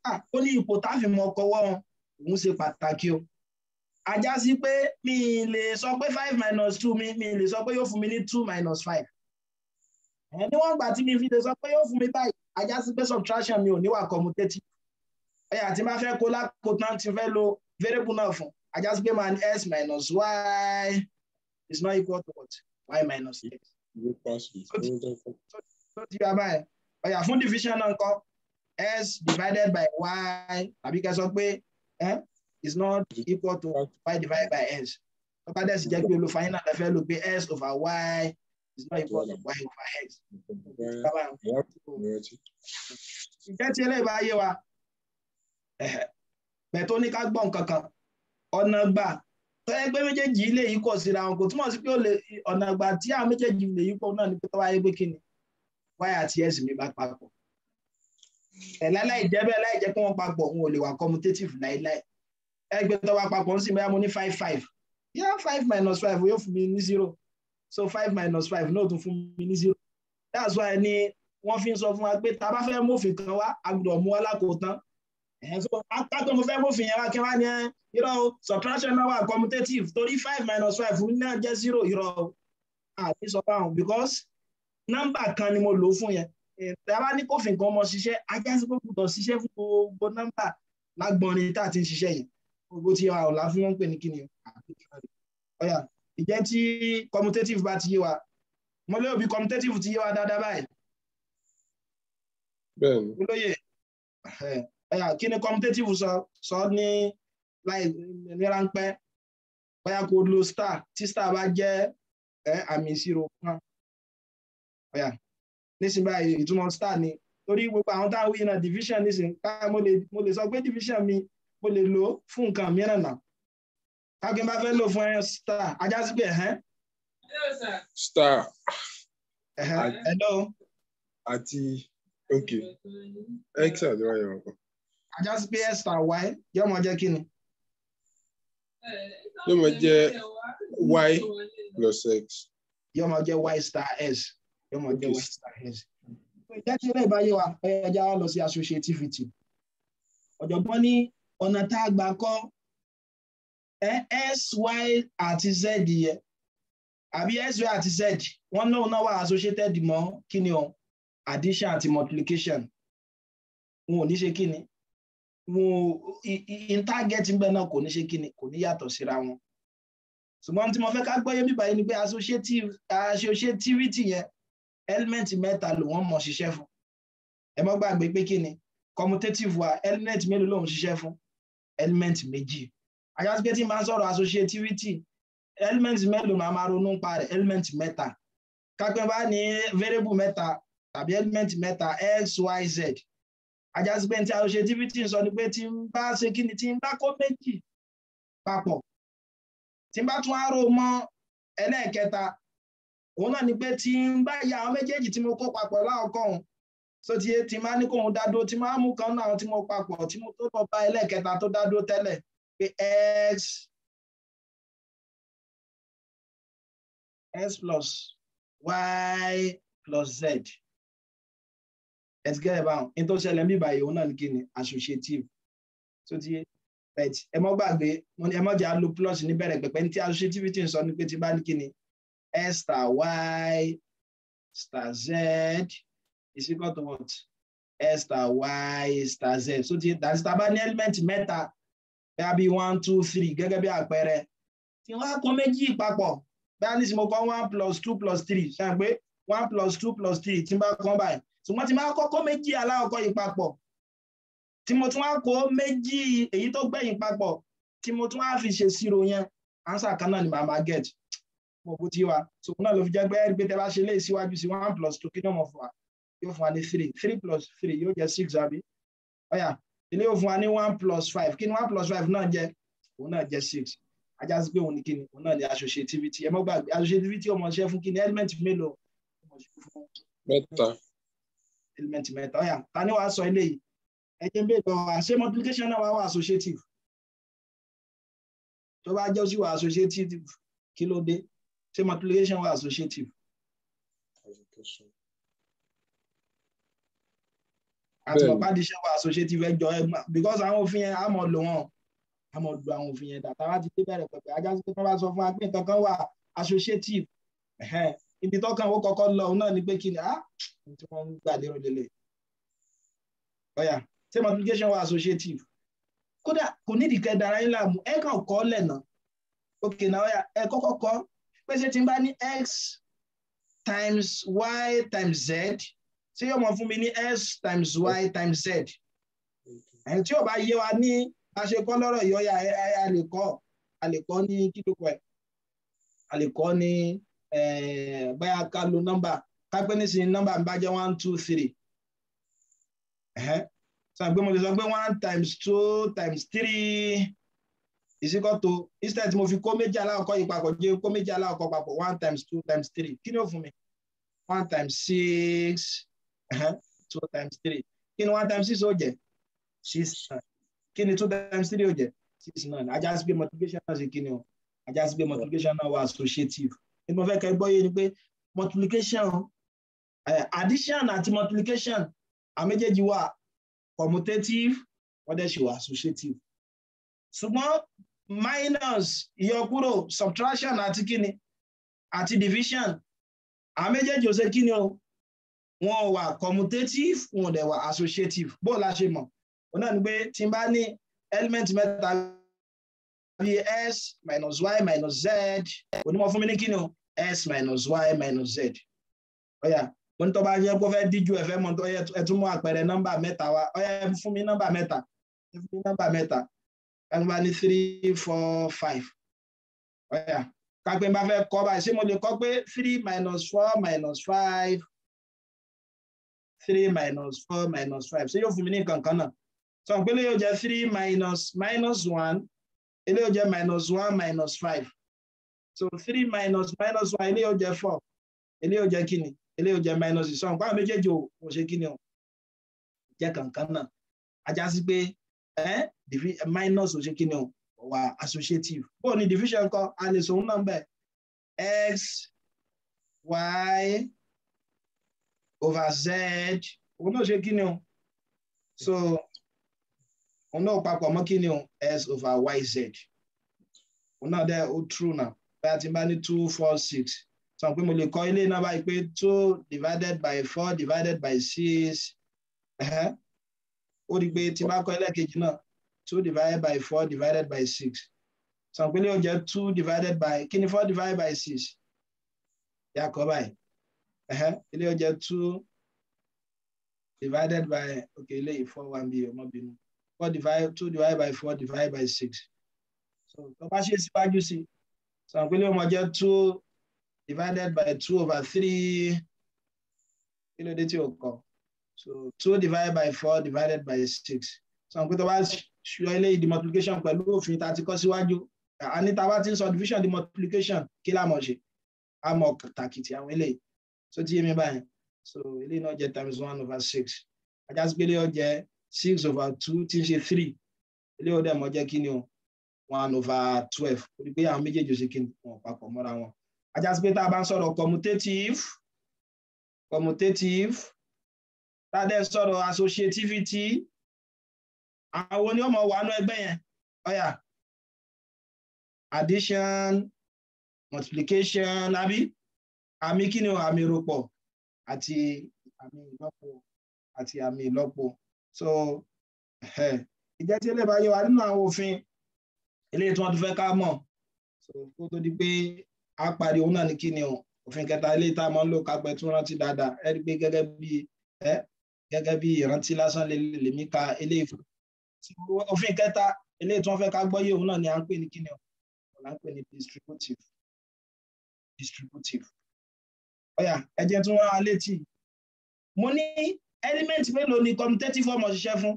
ó ní ipò tá a fi mọ ọkọ wọn òun ṣe pàtàkì o ajá sí pé mi lè sọ pé five minus two mi mi lè sọ pé yóò fún mi ní two minus five ẹni wọ́n gbà tí mi fi lè sọ pé yóò fún mi báyìí ajá sí pé subtraction mi ò níwà commutative ẹ̀yà tí máa fẹ́ kó lákòótán ti fẹ́ lo variable náà fún ajá sí pé máa ní minus y is not equal to what y minus x. tó ti yọ abáyẹ ọ̀yà fún division náà kọ́ x divided by y tàbí kẹ́ sọ pé is not equal to y divided by S. tọ́ba dẹ̀ sì jẹ́ pé olùfàyín náà lè fẹ́ lo pé x over y is not equal to y over x. ǹjẹ́ tí eléyìí bá yé wa bẹ̀tọ́ ní ká gbọ́ nǹkan kan ọ̀nà gbà tó yẹ pé méjèèjì ilé yìí kọ̀ síra wọn kò túmọ̀ sí pé ọ̀nà gbà tí àwọn méjèèjì ilé yìí kọ̀ náà ní pẹ́tọ́ wáyé pé kí ni wáyà àti ẹ̀sìn mi bá papọ̀ ẹ̀ láláì jẹ́ bẹ́ẹ̀ láì jẹ́ pé wọ́n papọ̀ òun ò lè wà commutative láíláì ẹgbẹ́ tó wá papọ̀ ń sìn bẹ́ẹ̀ mo ní five five yá five minus five yóò fún mi ní zero so five minus five náà tún fún mi ní zero that's why ni wọ́n fi ń sọ fún wa pé tá a bá fẹ́ mú òfin kan wá a gbọ́dọ̀ mú alákòótán àtàgbọ́n mo fẹ́ bófin yẹn wá kí wá ní ẹ irọ́ o subtraction náà wà commutative torí five minus five fún náà jẹ́ zero irọ́ o àti sọ fáwọn because nọ́mbà kan ni mo lò fún yẹn ìtara ní kófin kan mọ ṣiṣẹ́ ajásí kó gbọdọ̀ ṣiṣẹ́ fún gbogbo nọ́mbà lágbọ́nrin tá a ti ń ṣiṣẹ́ yẹn gbogbo tí a ò lá fún wọn pè ní kíni ọ̀yà ìjẹ́ tí commutative bá ti yé wa mo lérò bí commutative ti yé wa dáadáa báyìí. bẹ́ẹ̀ni. olóyè kí ni commutative sọ sọ ní láì ní ráńpẹ́ bóyá kò lo star tí star bá jẹ́ àmì ìṣirò kan ọ̀yà nísìnyí báyìí ìtumọ̀ star ni torí gbogbo àwọn táwọn wí náà division nísìn ká mo lè sọ pé division mi mo lè lò fún nǹkan mìíràn náà káàkiri bá fẹ́ lò fún ẹran star ajá sí pé ẹ̀hẹ́n. star. ẹ̀hẹ́n hello. àti ok x àdúrà yẹn wọ̀ ajá sí pé x tà y yóò mọ jẹ́ kí ni. yóò mọ jẹ́ y plus x. yóò mọ jẹ́ y star s yóò mọ jẹ́ y star s. ìjẹ́ tí ilé ìbáyé wa ẹja wa lọ sí associativity ọ̀jọ̀gbọ́n ní ọ̀nà tá a gbà kọ́ s y àti z yẹ àbí s y àti z wọ́n náà náà wà associated mọ́ kí ni o addition àti multiplication wọn ò ní ṣe kí ni wọn ò intarget ń bẹ náà kò ní ṣe kí ni kò ní yàtọ̀ síra wọn ṣùgbọ́n tí mo fẹ́ ká gbọ́yé bíbá yìí ni pé associativity yẹn element mẹ́ta ló wọ́n mọ̀ ṣiṣẹ́ fún ẹ mọ́ gbàgbé pé kí ni commutative wa element mélòó lòun ṣiṣẹ́ fún element méjì àyàsí tí n sọ̀rọ̀ associativity element mélòó máa máa ronú pa rẹ̀ element mẹ́ta kápẹ́ bá ní variable mẹ́ta tàbí element mẹ́ta x y z ajásígbé tí a sọ nipe ti n ba bá ṣe kí ni tí ń bá kó méjì papọ̀ tí ń bá tún àrò òun náà ya àwọn méjèèjì ti mo kó papọ̀ láọ̀kọ́hún so ti ti ma ní kóhun dá dúró tí máa mú kan náà tí mo papọ̀ ti mo tó lọ bá ẹlẹ́ẹ̀kẹta tó dá dúró x x plus y plus z. ẹsikẹ́ ẹ̀ bá wọn ní tó ṣẹlẹ̀ bí báyìí òun náà ní kíni associative tó ti bẹ̀tì ẹ mọ́ gbàgbé mo ní ẹ mọ́ jẹ́ alo plus níbẹ̀rẹ̀ pẹ̀pẹ́ ní ti associativity ń sọ ní pé ti bá ní kíni ẹ star y star z is equal to what ẹ star y star z tó ti dàtí tá a bá ní element mẹ́ta bẹ́ẹ̀ bí one two three gẹ́gẹ́ bí àpẹẹrẹ tí wọ́n á kọ́ méjì papọ̀ bẹ́ẹ̀ ní sinmi kọ́ one plus two plus three ṣáà pé one plus two plus three tí n bá kọ́ báyìí ṣùgbọ́n ti máa kọ́kọ́ méjì aláwọ̀kọ́ yìí papọ̀ tí mo tún wá kó méjì èyí tó gbẹ̀yìn papọ̀ tí mo tún wá fi ṣe ṣírò yẹn ansa kan náà ni màá máa get mo bó ti wa ṣùgbọ́n náà ló fi jẹ́ pé ẹ̀rí pé tẹ́ bá ṣe lé síwájú sí one plus two kí ni wa yóò fún wa ní three three plus three yóò jẹ́ six àbí ọ̀yà ilé yóò fún wa ní one plus five kí ni one plus five náà jẹ́ òun náà jẹ́ six ajá sí pé òun ni kí ni òun náà ni associativity ẹ mọ́ gbàgbé associativity ọmọ ṣe fún kí ni element mélòó mẹ́ta element mẹ́ta ọ̀yà ta ni wàá sọ eléyìí ẹ̀jẹ̀ ń bèèrè ọ̀hún ṣé multiplication náà wàá wà associative tó bá jẹ́ sí wà associative kí ló dé ṣé multiplication wà associative. àtìmọ̀pá di ṣe wà associative ẹjọ́ ẹgbà because àwọn òfin yẹn á mọ̀ lò wọ́n á mọ̀ lò àwọn òfin yẹn dàtà wá ti dé bẹ̀rẹ̀ pẹ̀pẹ̀ ajá sí pé wọ́n bá sọ fún wa pé nǹkan kan wà associative ibi tọ́kàn ó kọ́kọ́ lọ òun náà ni pé kí ni ah tí wọ́n ń gbà lérò lélẹ̀ ọ̀yà same application wa associative kódà kò nídìí kẹ́ dára yín láàmú ẹ kàn kọ́ lẹ́nà òkè náà ọ̀yà ẹ kọ́kọ́ kọ́ pé ṣé tí n bá ní x times y times z ṣé yóò mọ fún mi ní s times y times z ẹni tí yóò bá yé wa ní aṣekọ́ lọ́rọ̀ yìí ọ̀yà a lè kọ́ a lè kọ́ ní kí ló kọ́ ẹ̀ a lè kọ́ ní báyà ká lo nọ́mbà kápẹ́ ní sin nọ́mbà mi bá jẹ́ one two three sọ pé mo lè sọ pé one times two times three ìsìkọ́ tó instead mo fi kó méjì aláwọ̀kọ́ yìí papọ̀ jẹ́ kó méjì aláwọ̀kọ́ papọ̀ one times two times three kí ni ó fún mi one times six two times three kí ni one times six ó jẹ́ six kí ni two times three ó jẹ́ six nine ajá sí pé multiplication náà ṣe kí ni o ajá sí pé multiplication náà wà associative ní mo fẹ́ kẹ́ gbọ́ yé ni pé multiplication Eh, addition àti multiplication àméjèèjì wà commutative wọ́n dẹ̀ ṣe wà associative ṣùgbọ́n minus ìyọkúrò subtraction àti kíni àti division àméjèèjì ò ṣe kíni o wọ́n wà commutative wọ́n dẹ̀ wà associative bó la ṣe mọ̀ òun náà ni pé tí n bá ní element mẹ́ta bíi s minus y minus z onímọ̀ fún mi ní kíni o s minus y minus z ó Oh, yeah mo ní tó bá yẹ kó fẹ́ díjú ẹ̀fẹ́ mọ̀ tó yẹ ẹtún mú àpẹẹrẹ nọ́mbà mẹ́ta wa ó yẹ fún mi nọ́mbà mẹ́ta ẹ fún mi nọ́mbà mẹ́ta ẹgbẹ́ ní three four five ó yá kápẹ́ bá fẹ́ kọ́ báyìí ṣé mo lè kọ́ pé three minus four minus five three minus four minus five ṣé yóò fún mi ní nǹkan kan náà sọ pé eléyìí ó three minus minus one eléyìí ó jẹ́ minus one minus five so three minus minus one eléyìí ó jẹ́ four eléyìí ó jẹ́ kí eléyìí ó minus ìsọ̀rùn báwọn méjèèjì ò kò ṣe kí ni o jẹ́ kankan náà ajá sí pé minus ò ṣe kí ni o wà associative bó o ní division kan a lè sọ òun náà bẹ́ẹ̀ x y over z òun náà ṣe kí ni o so òun náà papọ̀ mọ́ kí ni o s over y z òun náà dẹ́ o true náà báyà tí n bá ní two four six sọ pé mo lè kọ ilé náà báyìí pé two divided by four divided by six ó rí i pé tí bá kọ ẹlẹ́ẹ̀kejì náà two divided by four divided by six sọ pé ilé ó jẹ́ two divided by kí ni four divided by six yà kọ báyìí ilé ó jẹ́ two divided by okay ilé yìí four one bí ọmọ bínú four divided two divided by four divided by six so tó bá ṣe síwájú sí sọ pé ilé ó máa jẹ́ two divided by 2 over 3. Kí ló Oko. So 2 divided by 4 divided by 6. So àwọn pẹ̀tọ́ bá ṣọ eléyìí di multiplication pẹ̀lú òfin tá a ti kọ́ síwájú. Àní tá a bá ti ń sọ division di multiplication kí lámọ̀ ṣe? A mọ̀ kàtàkìtì àwọn eléyìí. So ti yé mi báyìí. So eléyìí náà jẹ́ times one over six. Ajásígbélé ó jẹ́ six over two tí ń ṣe three. Eléyìí ó dẹ̀ mọ̀ jẹ́ kí ni o? one over twelve. Orí pé àwọn méjèèjì ó ṣe kí ni? Wọ́n papọ̀ mọ́ra wọn ajá sí pé tá a bá ń sọ̀rọ̀ commutative commutative tá a dẹ̀ sọ̀rọ̀ associativity àwọn ni wọ́n mọ̀ wà nú ẹgbẹ́ yẹn ọ̀yà addition multiplication àbí àmì kí ni o àmì ìròpọ̀ àti àmì ìlọ́po àti àmì ìlọ́po so ìjẹ́ tí eléyìí bá yẹ wá nínú àwọn òfin eléyìí tí wọ́n tún fẹ́ ká mọ̀ so kó tó di pé a parí òun náà ní kí ni o òfin kẹta ilé tá a máa ń lò kápẹ́ tún rántí dáadáa ẹ rí i pé gẹ́gẹ́ bí ẹ gẹ́gẹ́ bí ìrántí lásán lè lèmi ka ilé ìfọ̀ òfin kẹta ilé tí wọ́n fẹ́ ká gbọ́ yé òun náà ni à ń pè ní kí ni o là ń pè ní distributive distributive ọ̀yà ẹ jẹ́ tún wá létí mo ní element mélòó ni commutative form ṣiṣẹ́ fún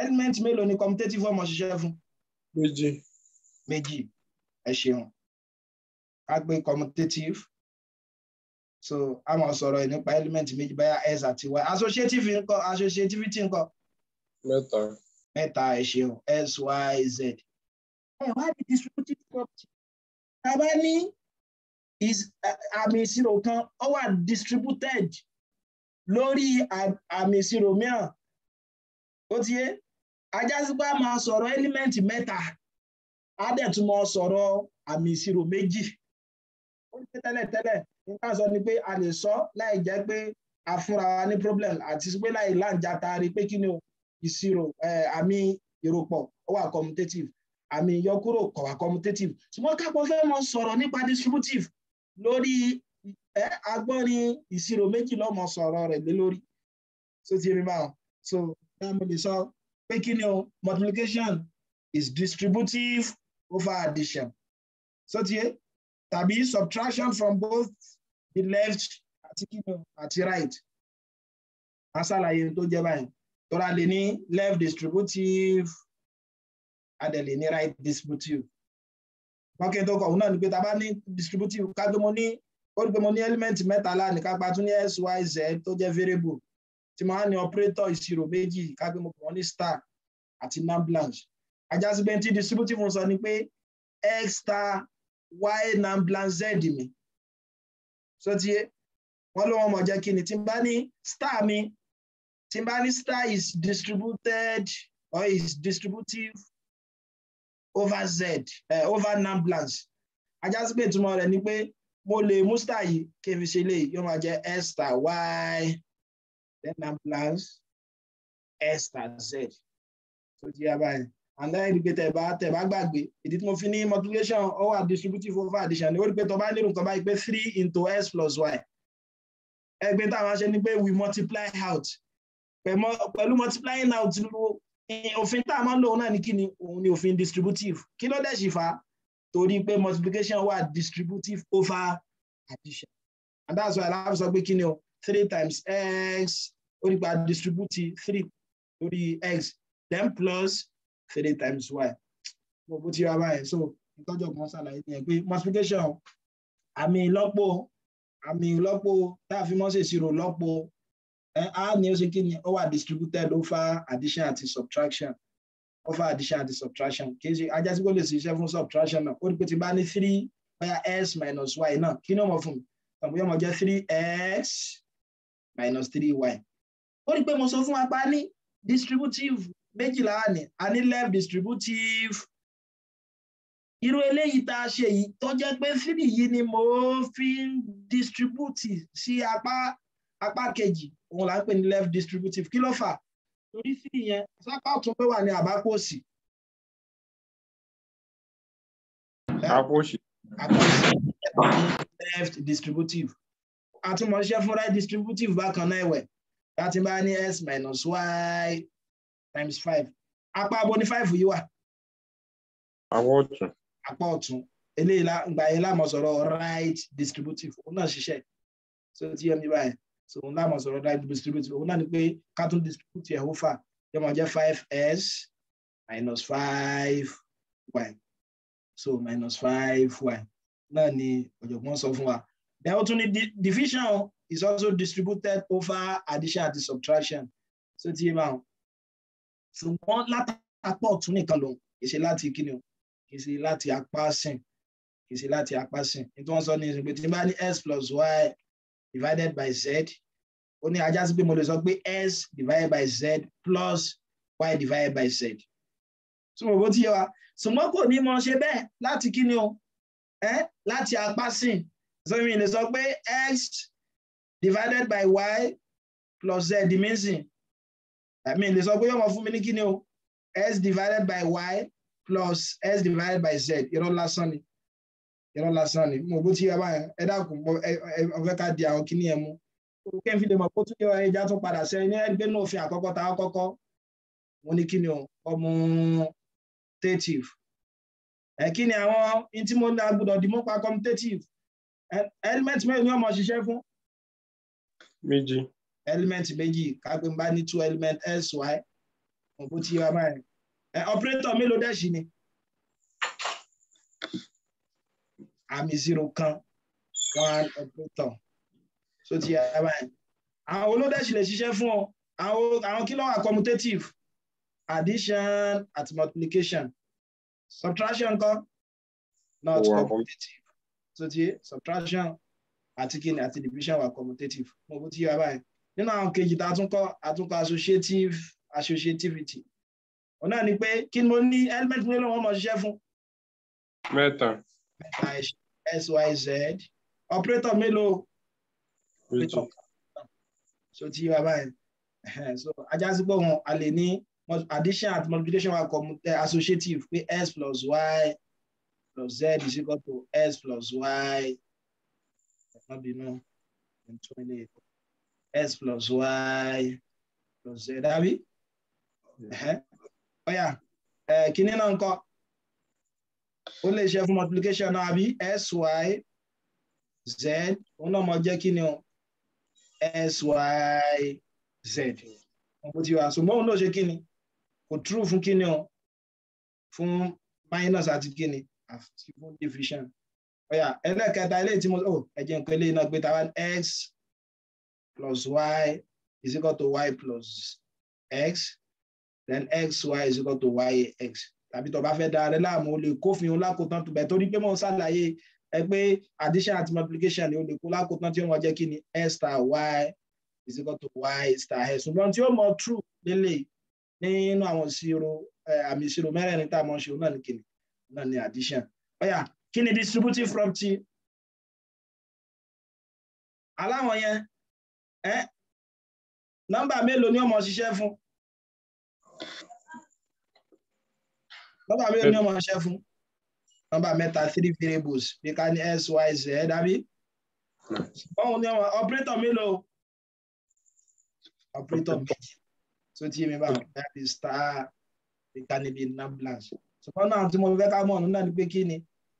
element mélòó ni commutative form ṣiṣẹ́ fún méjì méjì ẹ ṣeun a gbé commutative so a máa sọ̀rọ̀ yìí nípa element méjì báyà s àti y associative ńkọ́ associativity ńkọ́. mẹ́ta. mẹ́ta ẹ ṣeun s y z. ẹ wá di distributive property. tá a bá ní àmì ìṣirò kan ó wà distributed lórí àmì ìṣirò mìíràn ó ti yé ajásígbá máa sọ̀rọ̀ ẹ́límẹ́ǹtì mẹ́ta adẹ́túmọ̀ sọ̀rọ̀ àmì ìṣirò méjì ó ní tẹ́lẹ̀tẹ́lẹ̀ nípa sọ ni pé a lè sọ láì jẹ́ pé a fúnra wa ní problem àti pé láì láǹjà taari pé kí ni o ìṣirò àmì ìròpọ̀ ó wà commutative àmì ìyọkúrò kò wà commutative ṣùgbọ́n kápọ̀ fẹ́ mọ sọ̀rọ̀ nípa distributive lórí agbọ́nrin ìṣirò méjì lọ́mọ sọ̀rọ̀ rẹ̀ lé lórí tó ti rí báwọn so dáàmú lè sọ pé your multiplication is distributive over addition so sótìyé tàbí subtraction from both the left àti the right a ṣàlàyé tó jẹ́ báyìí left distributive and the right distributive bákẹ́ tó kọ̀ òun náà ni pé tá distributive ká gbé mo ní ó rí element mẹ́ta láàánú ká pa x y z tó jẹ́ variable tí máa ń ní operator ìṣirò méjì kágbé mo pọ̀ ní star àti namblanche ajásígbé tí distributive fún sọ ni pé x star y namblanche z mi sọ tiye wọ́n ló wọ́n mọ̀ jẹ́ kí ni tí n bá ní star mi tí n bá ní star is distributed or is distributive over z uh, over namblanche ajásígbé ìtumọ̀ rẹ̀ ni pé mo lè mú star yìí kí n fi ṣe léyìí yóò máa jẹ́ x star y then ambulance plus z tó ti yá báyìí and then ìdìgbé tẹ̀ bá tẹ̀ bag, bag, ìdí tí mo fi ní multiplication ó distributive over addition ni ó rí pé tó bá nínú nǹkan báyìí pé three into s plus y ẹgbẹ́ tá a máa ṣe ni we multiply out pẹ̀lú multiplying out we tá a máa ń lò distributive kí ló dẹ̀ To fa multiplication wà distributive over addition and that's why I'm sọ pé kí ni three times x ó nípa distributive three lórí x then plus three times y mo bó ti wá báyìí so ìtọ́jú ọ̀gbọ́n ṣàlàyé ni ẹ̀ pé multiplication àmì ìlọ́po àmì ìlọ́po tá a fi mọ́ ṣèṣirò lọ́po a ní ó ṣe kí ni ó wà distributed over addition àti subtraction over addition àti subtraction kì í ṣe ajá tí kò lè ṣiṣẹ́ fún subtraction náà ó ní pé ti bá ní three bóyá x minus y náà kí ni ó mọ̀ fún mi tàbí ó mọ̀ jẹ́ three x minus three y. ó rí i pé mo sọ fún wa pa ní distributive méjìlá àní a ní left distributive irú eléyìí tá a ṣe yìí tó jẹ́ pé three yìí ni mo fi ń distribute sí apá apá kejì òun là ń pè ní left distributive kí ló fà torí three yẹn sápá ọ̀tún pé wà ní àbápò òsì. àpò left distributive àtúmọ̀ṣẹ́ fún right distributive bákan náà ẹ̀wẹ̀ láti bá ní x minus y times five apá abo ní five yìí wà. apá ọ̀tún. apá ọ̀tún eléyìí gba yẹn láàmú sọ̀rọ̀ right distributive òun náà ṣiṣẹ́ so tí yẹn mi báyìí so òun láàmú sọ̀rọ̀ right distributive òun náà ni pé cartoon distributive ẹ̀ ó fà yẹn máa jẹ́ five s minus five y so minus five y náà ni ọ̀jọ̀gbọ́n sọ fún wa. Then also the division is also distributed over addition and subtraction. So ti yé báwọn. Ṣùgbọ́n látàpọ̀ ọ̀tún nìkan lòun kì í ṣe láti kíni o, kì í ṣe láti apá sìn, kì í ṣe láti apá sìn. Ní tí wọ́n sọ ní ìsìn pé tí bá ní x plus y divided by z, ó ní ajá sí pé mo lè sọ pé x divided by z plus y divided by z. Ṣùgbọ́n bó ti yé wa, ṣùgbọ́n kò ní mọ ṣe bẹ́ẹ̀ láti kíni o, láti apá sìn so mi ní sọ pé x divided by y plus z dimension I mean sọ pé yóò mọ fún mi s divided by y plus s divided by z irọ́ lásán ni irọ́ lásán ni mo bó ti yẹ báyẹn ẹ dákun ọ̀fẹ́ ká di àwọn kíní ẹ mú kí n fi lè mọ̀ kó tún yọ ẹja tún padà sẹ́yìn ní ẹgbẹ́ náà fi àkọ́kọ́ ta kọ́kọ́ mo ní kíni o ọmọ tẹ́tìf ẹ kí ni àwọn tí mo ní agbọ́dọ̀ pa commutative element mẹ́rin ni wọ́n máa ṣiṣẹ́ fún. méjì. element méjì kápẹ́ ń bá ní two element sy òkú tí wàá máa rìn. operator mélòó dẹ́sì ni. àmì zero kan one operator so ti wàá máa rìn. àwọn olódẹ́sì lè ṣiṣẹ́ fún ọ àwọn kí ló wà commutative addition àti multiplication subtraction kan not commutative tó ti subtraction àti kíni àti division wà commutative mo bó ti yọ abáyé nínú àwọn kejì tá a tún kọ́ a tún kọ́ associative associativity òun náà ni pé kí ni mo ní element mélòó wọn mọ̀ ṣiṣẹ́ fún. mẹ́ta. mẹ́ta syz operator mélòó. méjì. so ti yọ abáyé so ajásípò wọn a lè ní addition àti multiplication wà eh, associative pé s plus y plus z is equal to S plus y. Not be no in 28. S plus y plus z. Abi? Yeah. Oh yeah. Uh, kí ni náà ń chef Ó lè ṣe fún multiplication náà àbí sy z òun náà mọ jẹ́ kí ni o sy z. Mo ti wà ṣùgbọ́n òun náà ṣe kí ni? Kò true fún kí ni o? minus àti kí ni? civil division ọ̀yà ẹlẹ́kẹta ilé tí mo sọ ẹ̀jẹ̀ oh, nǹkan ilé iná gbé ta x plus y is equal to y plus x then xy is equal to yx tàbí tó bá fẹ́ da rẹ láàmú o lè kófin o lákòótán tó bẹ̀ torí pé mo ń ṣàlàyé ẹ pé addition àti multiplication ni o lè kó lákòótán tí ó mọ jẹ́ kí ni x star y is equal to y star x ṣùgbọ́n tí ó mọ true lélẹ̀ nínú àwọn ìṣirò àmì ìṣirò mẹ́rẹ̀ẹ̀rin tá a mọ̀ ṣe òun náà ní kìnnì náà ni addition ọ̀yà kí ni distributive property aláwọ̀ yẹn ẹ́ nọ́mbà mélòó ni ọmọ ṣiṣẹ́ fún nọ́mbà mélòó ni ọmọ ṣiṣẹ́ fún nọ́mbà mẹ́ta three variables bí ká ní x y z dàbí ọ̀hún ni ọmọ operator mélòó operator méjì tó tí mi bá wọn bí ká ní star bí ká ní bí ambulance ṣùgbọ́n náà tí mo fẹ́ ká mọ̀ nínú náà ni pé kí ni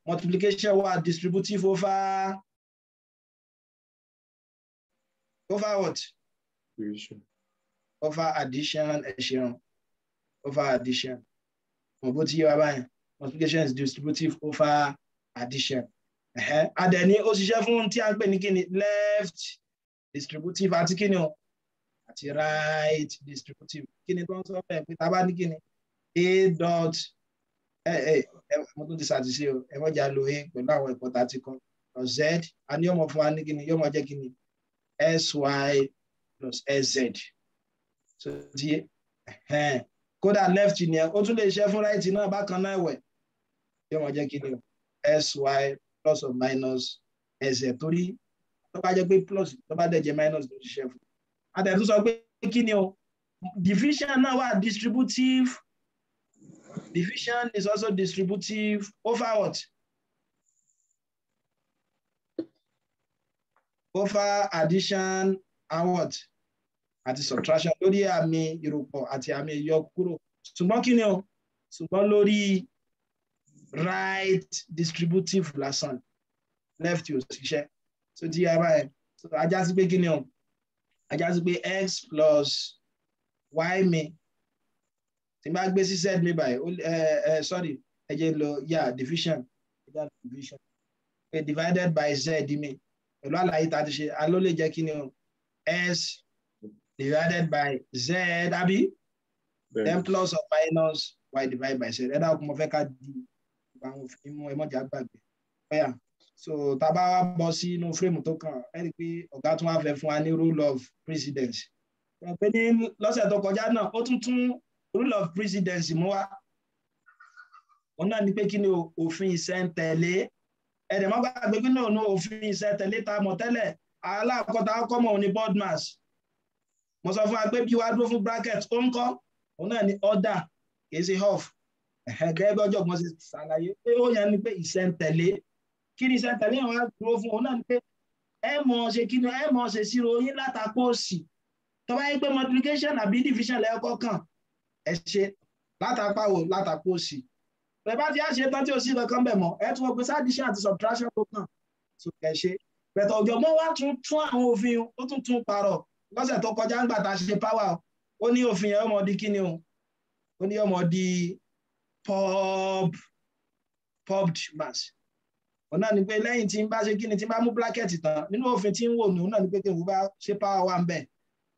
multiplication wa distributive over over what? Division. over addition ẹ ṣeun over addition mo bó ti yé wa báyìí multiplication is distributive over addition adẹni ó ṣiṣẹ́ fún tí a ń pè ní kíni left distributive àti kíni o àti right distributive kíni tó ń sọ bẹ́ẹ̀ pé tá ní kíni a dot ẹ ẹ ẹ mo tún ti ṣàtìṣe o ẹ mọ̀jà lo e pẹ̀lú àwọn ẹ̀kọ́ tá a ti kọ́ z a ní ọmọ fún wa ní kíni yọmọ jẹ́ kíni sy plus sz so ti kódà left ni ẹ ó tún lè ṣe fún right náà bákan náà ẹ̀wẹ̀ yọmọ jẹ́ kíni sy plus or minus sz torí tó bá jẹ́ pé plus tó bá dẹ̀ jẹ́ minus ló ṣiṣẹ́ fún. a tẹ̀ tún sọ pé kí ni o division náà wà distributive Division is also distributive over what? Over addition and what? Àti subtraction lórí àmì ìròpọ̀ àti àmì ìyọkúrò. Ṣùgbọ́n kí ni o? Ṣùgbọ́n lórí right distributive lásán left yóò ṣiṣẹ́. So ti yára ẹ̀. So ajá sí pé kí ni o? Ajá sí pé x plus y mi tí n bá gbé sí zed mi báyìí ẹ ẹ sorry ẹ jẹ́ lọ yà division division ẹ divided by z mi pẹ̀lú àlàyé tá a ti ṣe a ló lè jẹ́ kí ni o s divided by z àbí then plus or minus y divided by z ẹ dáhùn kó mo fẹ́ ká di àwọn òfin mú ẹ mọ̀jà gbàgbé ọ̀yà so tá a bá wá bọ́ sí inú fírémù tó kàn ẹ rí i pé ọ̀gá tún wá fẹ́ fún wa ní rule of precedence. ọ̀pẹ ní lọ́sẹ̀ tó kọjá náà ó tún tún rule of presidency mú wá òun náà ni pé kí ni òfin ìṣẹ̀ǹtẹ̀lé ẹ̀rẹ̀ má gbàgbé pé náà ní òfin ìṣẹ̀ǹtẹ̀lé ta mọ̀ tẹ́lẹ̀ aláàkọ́ta ọkọ̀ mọ̀ ní board mass mo sọ fún wa pé bí wàá dúró fún bracket ó ń kọ́ òun náà ni order kì í ṣe off gẹ́gẹ́ bí ọ̀jọ̀gbọ́n ṣe ṣàlàyé pé ó yẹn ni pé ìṣẹ̀ǹtẹ̀lé kí ni ìṣẹ̀ǹtẹ̀lé yẹn wá dúró fún òun náà ni pé ẹ mọ̀ ṣe kí ni ẹ mọ̀ ṣe ṣírò yín látakó òsì tó bá pé multiplication àbí division lẹ́ẹ̀kọ́ kàn ẹ ṣe látàpá wo látàpá òsì bẹ́ẹ̀ bá ti á ṣe tán tí ó sì kankan bẹ̀ mọ́ ẹ tún ọgbẹ́ sádìṣẹ́ àti subtraction tó kàn tó kẹ̀ ṣe bẹ̀tọ̀ ọ̀jọ̀gbọ́n wa tún tún àwọn òfin ó tún tún parọ̀ lọ́sẹ̀ tó kọjá ń gbà tá a ṣe power ó ní òfin yẹn ọmọ di kíni o ó ní ọmọ di pub pubbed mass òun náà ni pé lẹ́yìn tí n bá ṣe kíni tí n bá mú bírákẹ́tì tán nínú òfin tí ń wò ní òun náà ni pé kí n wò bá ṣe power wa ń bẹ̀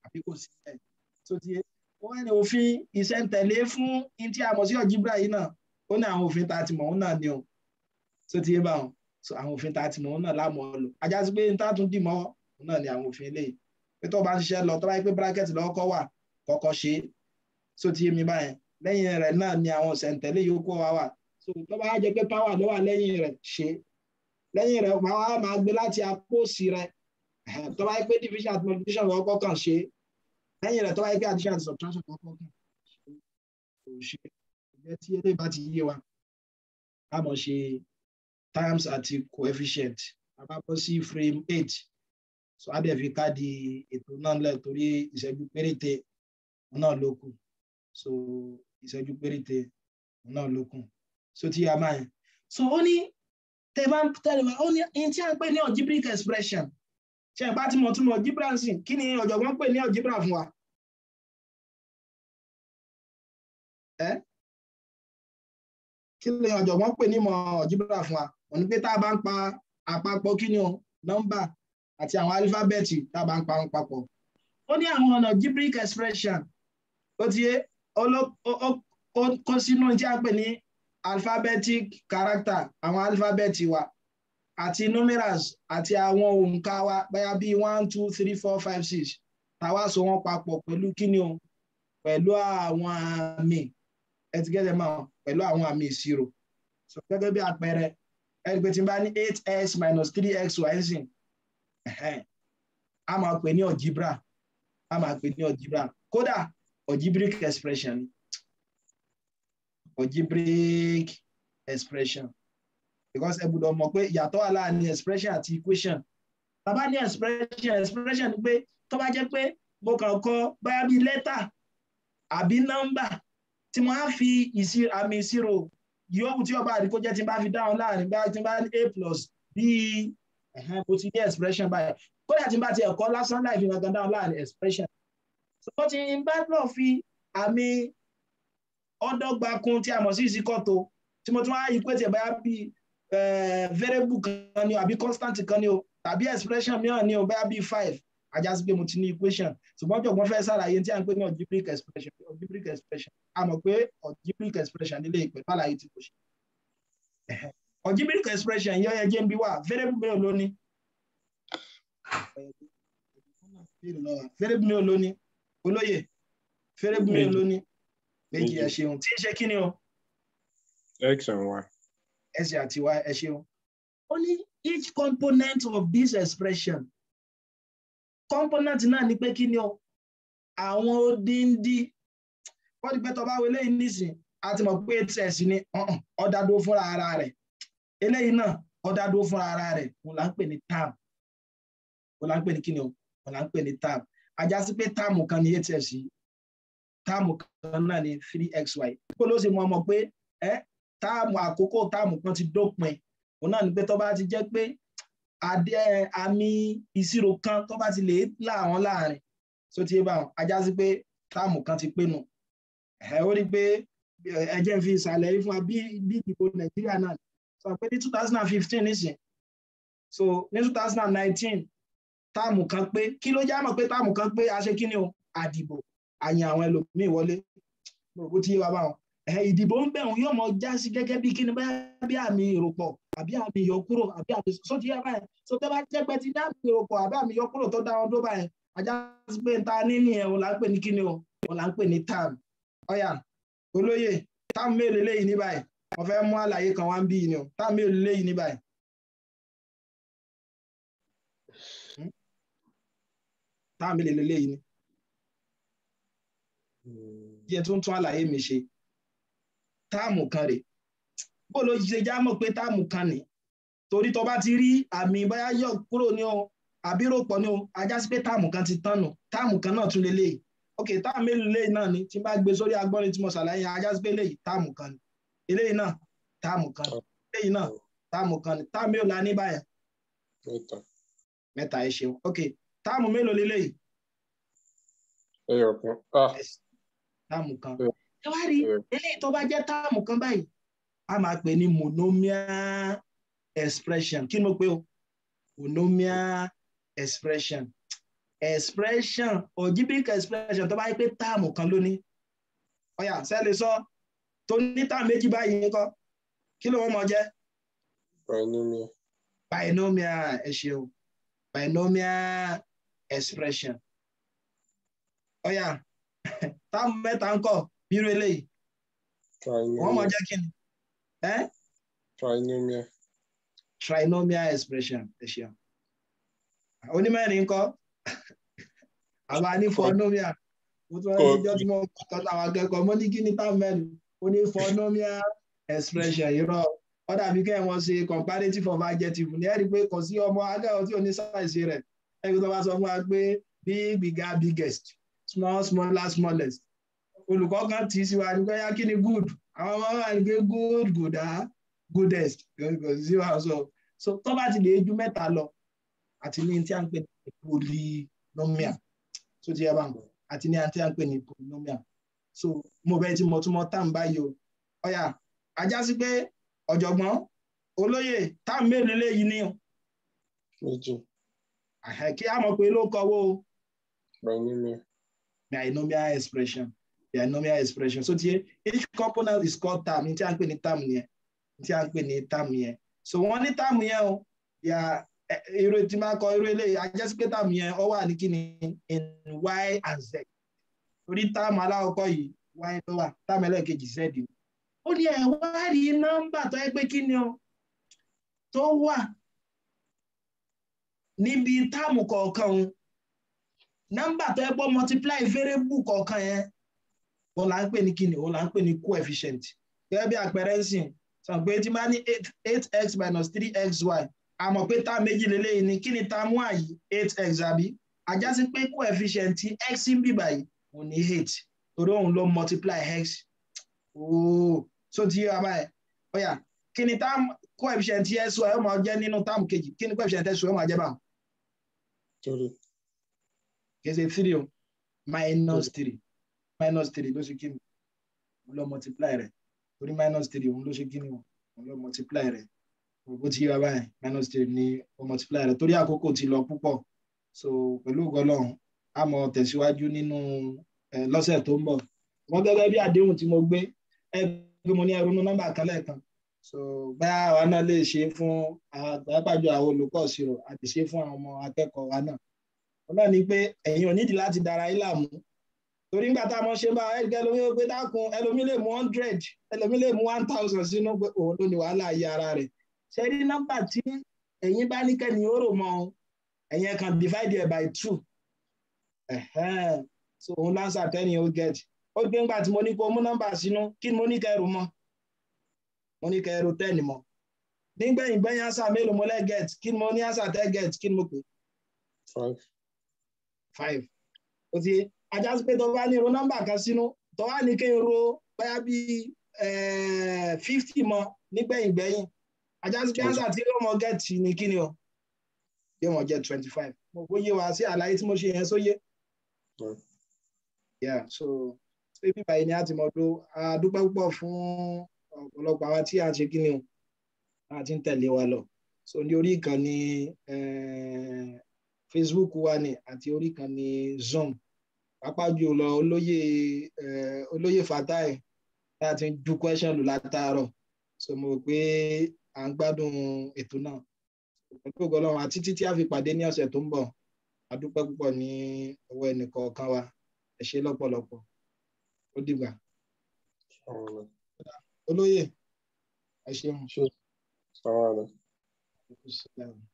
àbí kò sí bẹ́ẹ̀ tó ti yé wọ́n ní òfin ìṣẹ̀ntẹ̀lé fún in tí a mọ̀ sí yìí náà ó ní àwọn òfin tá a ti mọ̀ òun náà ni o tó ti yé bá wọn so àwọn òfin tá a ti mọ̀ òun náà láàmú ọ lò ajá sí pé n a tún dì mọ́ òun náà ni àwọn òfin eléyìí pé tó bá ń ṣiṣẹ́ lọ tó bá yẹ pé bírákẹ́tì lọ́kọ́ wà kọ́kọ́ ṣe é so ti yé mi báyẹn lẹ́yìn rẹ̀ náà ni àwọn ìṣẹ̀ntẹ̀lé yòókù wa wà so tó bá jẹ́ pé páwà ló wà lẹ́yìn rẹ̀ ṣe lẹ́yìn rẹ̀ wàá máa gbé láti apóòsì rẹ̀ tó bá yẹ pé division and multiplication lọ́kọ́ kàn ṣe lẹ́yìn rẹ̀ tó wáyé pé addition àti subtraction kan kọ́ kí kò ṣe ẹgbẹ́ tí eléyìí bá ti yé wa a mọ̀ ṣe times àti coefficient a bá bọ́ sí frame eight so a dẹ̀ fi káàdì ètò náà lẹ̀ torí ìṣẹ́jú péréte náà ló kù so ìṣẹ́jú péréte náà ló kù so tí a máa yẹn so ó ní tẹ bá ń tẹ̀lé wa ó ní ní tí a ń pè ní algebraic expression ṣe ìpá tí mo túmọ̀ algebra ń sìn kí ni ọ̀jọ̀gbọ́n pè ní algebra fún wa. ẹ ni ọ̀jọ̀gbọ́n pè ní wa pé pa àpapọ̀ kí ni o nọ́mbà àti àwọn tá a bá ń pa wọn papọ̀. ó ní àwọn ọ̀nà expression ó ti kó sínú a pe ní alphabetic character àwọn alifábẹ́ẹ̀tì wa. àti numerals àti àwọn òǹkà wa báyà bíi one two three four five six táwa so wọn papọ̀ pẹ̀lú kíni o pẹ̀lú àwọn àmì ẹ ti gẹ́gẹ́ mọ́ pẹ̀lú àwọn àmì ìṣirò so gẹ́gẹ́ bí àpẹẹrẹ ẹ pé tí n bá ní eight x minus three x y z a máa pè ní algebra a máa pè ní algebra kódà algebraic expression algebraic expression because ẹ gbọ́dọ̀ mọ̀ pé ìyàtọ̀ wà expression àti equation tá bá ní expression expression ni pé tó bá jẹ́ pé mo kàn kọ báyà bíi lẹ́tà àbí nọ́mbà tí wọ́n á fi àmì ìṣirò yòówù tí ọba àdìgbò jẹ́ tí n bá fi dáhùn láàrin bá tí n bá ní a plus b mo ti ní expression báyìí kódà tí n bá ti ẹ̀kọ́ lásán láì fi gangan dáhùn láàrin expression tó ti ń bá lọ fi àmì ọ̀dọ́gba tí a mọ̀ sí ìsíkọ́tò tí mo tún wá yí pé tí ẹ̀ báyà bíi Eh, variable kan ni o àbí constant kan ni o tàbí expression mìíràn ni o bá bí five ajá sí pé mo ti ní equation ṣùgbọ́n ọ̀jọ̀gbọ́n fẹ́ ṣàlàyé tí a ń pè ní algebraic expression algebraic expression a mọ̀ pé algebraic expression nílé ìpẹ̀lú àlàyé tí kò ṣe algebraic expression yọ ẹjẹ ń bi wá variable mélòó ló ní variable mélòó ló ní olóyè variable mélòó ló ní méjì ẹ ṣeun tí ń ṣe kí ni o. x and y ẹsẹ̀ àti wá ẹ ṣeun. ó ní each component of this expression component náà ni pé kí ni o àwọn odindi wọ́n ti pẹ́ tó wo eléyìí nísìn a mọ̀ pé hs ni ọ̀dà dúró fúnra ara rẹ̀ eléyìí náà ọ̀dà dúró fúnra ara rẹ̀ òun là ń pè ní tam òun là ń pè ní kí ni o òun là ń pè ní tam ajá sí pé táàmù kan ní hs yìí táàmù kan náà ní three xy kó ló sì mọ ọmọ pé ẹ táàmù àkókò táàmù kan ti dópin òun náà ni pé tó bá ti jẹ́ pé adé àmì ìṣirò kan tó bá ti lè là wọn láàrin tó ti bá wọn ajá sí pé táàmù kan ti pinnu ẹ ó rí pé ẹjẹ ń fi ìsàlẹ̀ yìí fún wa bí ìdìbò nàìjíríà náà sọ pé ní two thousand so ní 2019 thousand and nineteen táàmù kan pé kí ló já mọ̀ pé táàmù kan pé a ni o àdìbò àyàn àwọn ẹlòmíín wọlé mo ti yé wa báwọn ìdìbò ń bẹ̀rùn yóò mọ já sí gẹ́gẹ́ bí kíni bí àmì ìròpọ̀ àbí àmì ìyọkúrò àbí àmì sọ́tí yára ẹ̀ so tẹ́ bá jẹ́ pé ti ní àmì ìròpọ̀ àbí àmì ìyọkúrò tó dáwọn tó báyẹn ajá sí pé ta níní ẹ̀ ò ń pè ní kíni o ò là ń pè ní tam ọ̀yà olóyè tam mélòó léyìí ní báyìí wọ́n mú àlàyé kan wá ń bí ni o tam mélòó léyìí ní báyìí. Hmm? tam mélòó léyìí ni. díẹ̀ tó ń tún àlàyé mi ṣe táàmù kan rè bó ló ṣe já mọ̀ pé táàmù kan nì torí tó bá ti rí àmì bóyá yọ kúrò ní o àbí ròpọ̀ ní o ajá sí pé táàmù kan ti tán nù táàmù kan náà tún lè léyìí ok táàmù mélòó léyìí náà ni tí n bá gbé sórí agbọ́nrin tí mo ṣàlàyé ajá sí pé léyìí táàmù kan ni eléyìí náà táàmù kan ni eléyìí náà táàmù kan ni táàmù mélòó la ní báyẹn. mẹ́ta ẹ ṣeun ok táàmù mélòó léléyìí. ẹyọ kan ah. táàmù kan ẹ wá rí eléyìí tó bá jẹ́ táàmù kan báyìí a máa pè ní monomial expression kí ni mo pè o monomial expression expression algebraic expression tó bá yẹ pé táàmù kan ló ní ọyà sẹ́ẹ̀lì sọ tó ní táàmù méjì báyìí ń kí ló wọ́n mọ̀ jẹ́. binomial. binomial ẹ ṣeun binomial expression ọyà (laughs) táàmù mẹ́ta ń kọ́ bírò eléyìí wọ́n mọ̀ jẹ́ kí ni ẹ́. trinomial. trinomial expression ẹ ṣeun onímẹ́rin ńkọ́ àwa ní polynomial mo tún wáyé ìjọ tí mo kọ́ táwọn akẹ́kọ̀ọ́ mo ní kí ni táwọn mẹ́rin ó expression irọ́ ó dàbí kẹ́ wọ́n ṣe comparative of adjective ní ẹ̀rí pé kò sí ọmọ akẹ́kọ̀ọ́ tí ò ní sáìsì rẹ̀ ẹ̀rí tó bá sọ fún wa pé big bigger biggest small smaller smallest olùkọ́ kan tì í síwájú pé yá kí ni good àwọn ọmọ wa gbé good gooda ah, goodest kò sí wa sọ so tó bá ti lè ju mẹ́ta lọ àti ní tí a ń pè ní polynomial tó ti yẹ bá ń bọ̀ àti ní tí a ń pè ní polynomial so mo bẹ́ẹ̀ tí mo tún mọ táwọn báyìí o ọ̀yà ajá sí pé ọ̀jọ̀gbọ́n olóyè táwọn mélòó léyìí ni o. méjì. kí a mọ̀ pé ló kọ́wọ́ o. binomial. binomial expression. binomial expression so tie each component is called term ní tí a ń pè ní term yẹn ní tí a ń pè ní term yẹn so wọ́n n'i term yẹn o yà eh, irú tí máa kọ irú eléyìí ajẹ́sí pé term yẹn ọ wà ní kíni in y and z torí term alákọ̀ọ́kọ́ yi y ló wà term ẹlẹ́ẹ̀kejì z ni ó ní ẹ̀ wá rí nọ́mbà tó yẹ o tó wà níbi term kọ̀ọ̀kan nọ́mbà tó yẹ pé multiply variable kọ̀ọ̀kan yẹn. òun là ń pè ní kíni òun là ń pè ní coefficient gẹ́gẹ́ bí àpẹẹrẹ ń sìn sọ pé tí máa ní eight x minus three xy àmọ́ pé tá méjì lélẹ́yìn ni kíni tá mú àyí eight x àbí ajá sí pé coefficient x ń bì báyìí òun ní eight torí òun ló multiply x ooo so ti yé wa báyìí ó yá kíni tá coefficient xy ó máa jẹ́ nínú táàmù kejì kíni coefficient xy ó máa jẹ́ báwọn. kì three o minus three minus three ló ṣe kí ni òun lọ multiply rẹ̀ torí minus three òun ló ṣe kí ni òun ló multiply rẹ̀ bó ti yára báyìí minus three ni ó multiply rẹ̀ torí àkókò ti lọ púpọ̀ so pẹ̀lú ọgọ́lọ́run a mọ̀ tẹ̀síwájú nínú lọ́sẹ̀ tó ń bọ̀ wọ́n gẹ́gẹ́ bí àdéhùn tí mo gbé ẹ bí mo ní ẹrú nọ́mbà kan lẹ́ẹ̀kan so báyà àwa náà lè ṣe fún àgbàgbàjọ àwọn olùkọ́ ìṣirò àti ṣe fún àwọn ọmọ akẹ́kọ̀ọ́ wa náà ọlọ́run ni pé ẹ̀yin ò nídìí láti dara yín láàmú torí nígbà tá a mọ̀ ṣe bá ẹgbẹ́ ẹlòmí ó gbé dákun ẹlòmí lè mú hundred ẹlòmí lè mú one thousand sínú pé òun ló ní wàhálà ayé ara rẹ̀ ṣe rí nọ́mbà tí ẹ̀yin bá ní kẹ́ni ó rò mọ́ ẹ̀yin kan divide it by two so òun lánsà tẹ́ni ó get ó gbé ńgbà tí mo ní kó mú nọ́mbà sínú kí ni mo ní kẹrù mọ́ mo ní kẹrù tẹ́ni mọ́ nígbẹ̀yìn gbẹ̀yìn answer mélòó mo lẹ́ get kí ni mo ní answer tẹ́ get kí ni mo pè. five. five. ó ti yé ajá sí pé tó ní ro nọ́mbà kan sínú tó wá ní kéèyàn ro báyà bí eh, fifty mọ nígbẹ̀yìngbẹ̀yìn ajá sí pé ánsà tí ló mọ gẹ̀ẹ́tì ní kíni o yóò mọ jẹ twenty five mo kó yé wa sí àlàyé tí mo ṣe yẹn sóyè. yeah so ibi báyìí ni a ti mọ do a dúpẹ́ púpọ̀ fún ọ̀pọ̀lọpọ̀ àwa tí a ṣe kíni o a ti ń tẹ̀lé wa lọ so ní orí ìkànnì eh, Facebook wa ni àti orí ìkànnì Zoom pàápàá jùlọ olóyè olóyè Fatai tá a ti ju question lù látàárọ̀ so mo rò pé à ń gbádùn ètò náà pẹ̀lú ògbọ́lọ́run àti títí a fi pàdé ní ọ̀sẹ̀ tó ń bọ̀ a dúpẹ́ púpọ̀ ní ọwọ́ ẹnìkọ̀ọ̀kan wa ẹ ṣé lọ́pọ̀lọpọ̀ ó dìgbà. olóyè ẹ ṣeun. Sure. All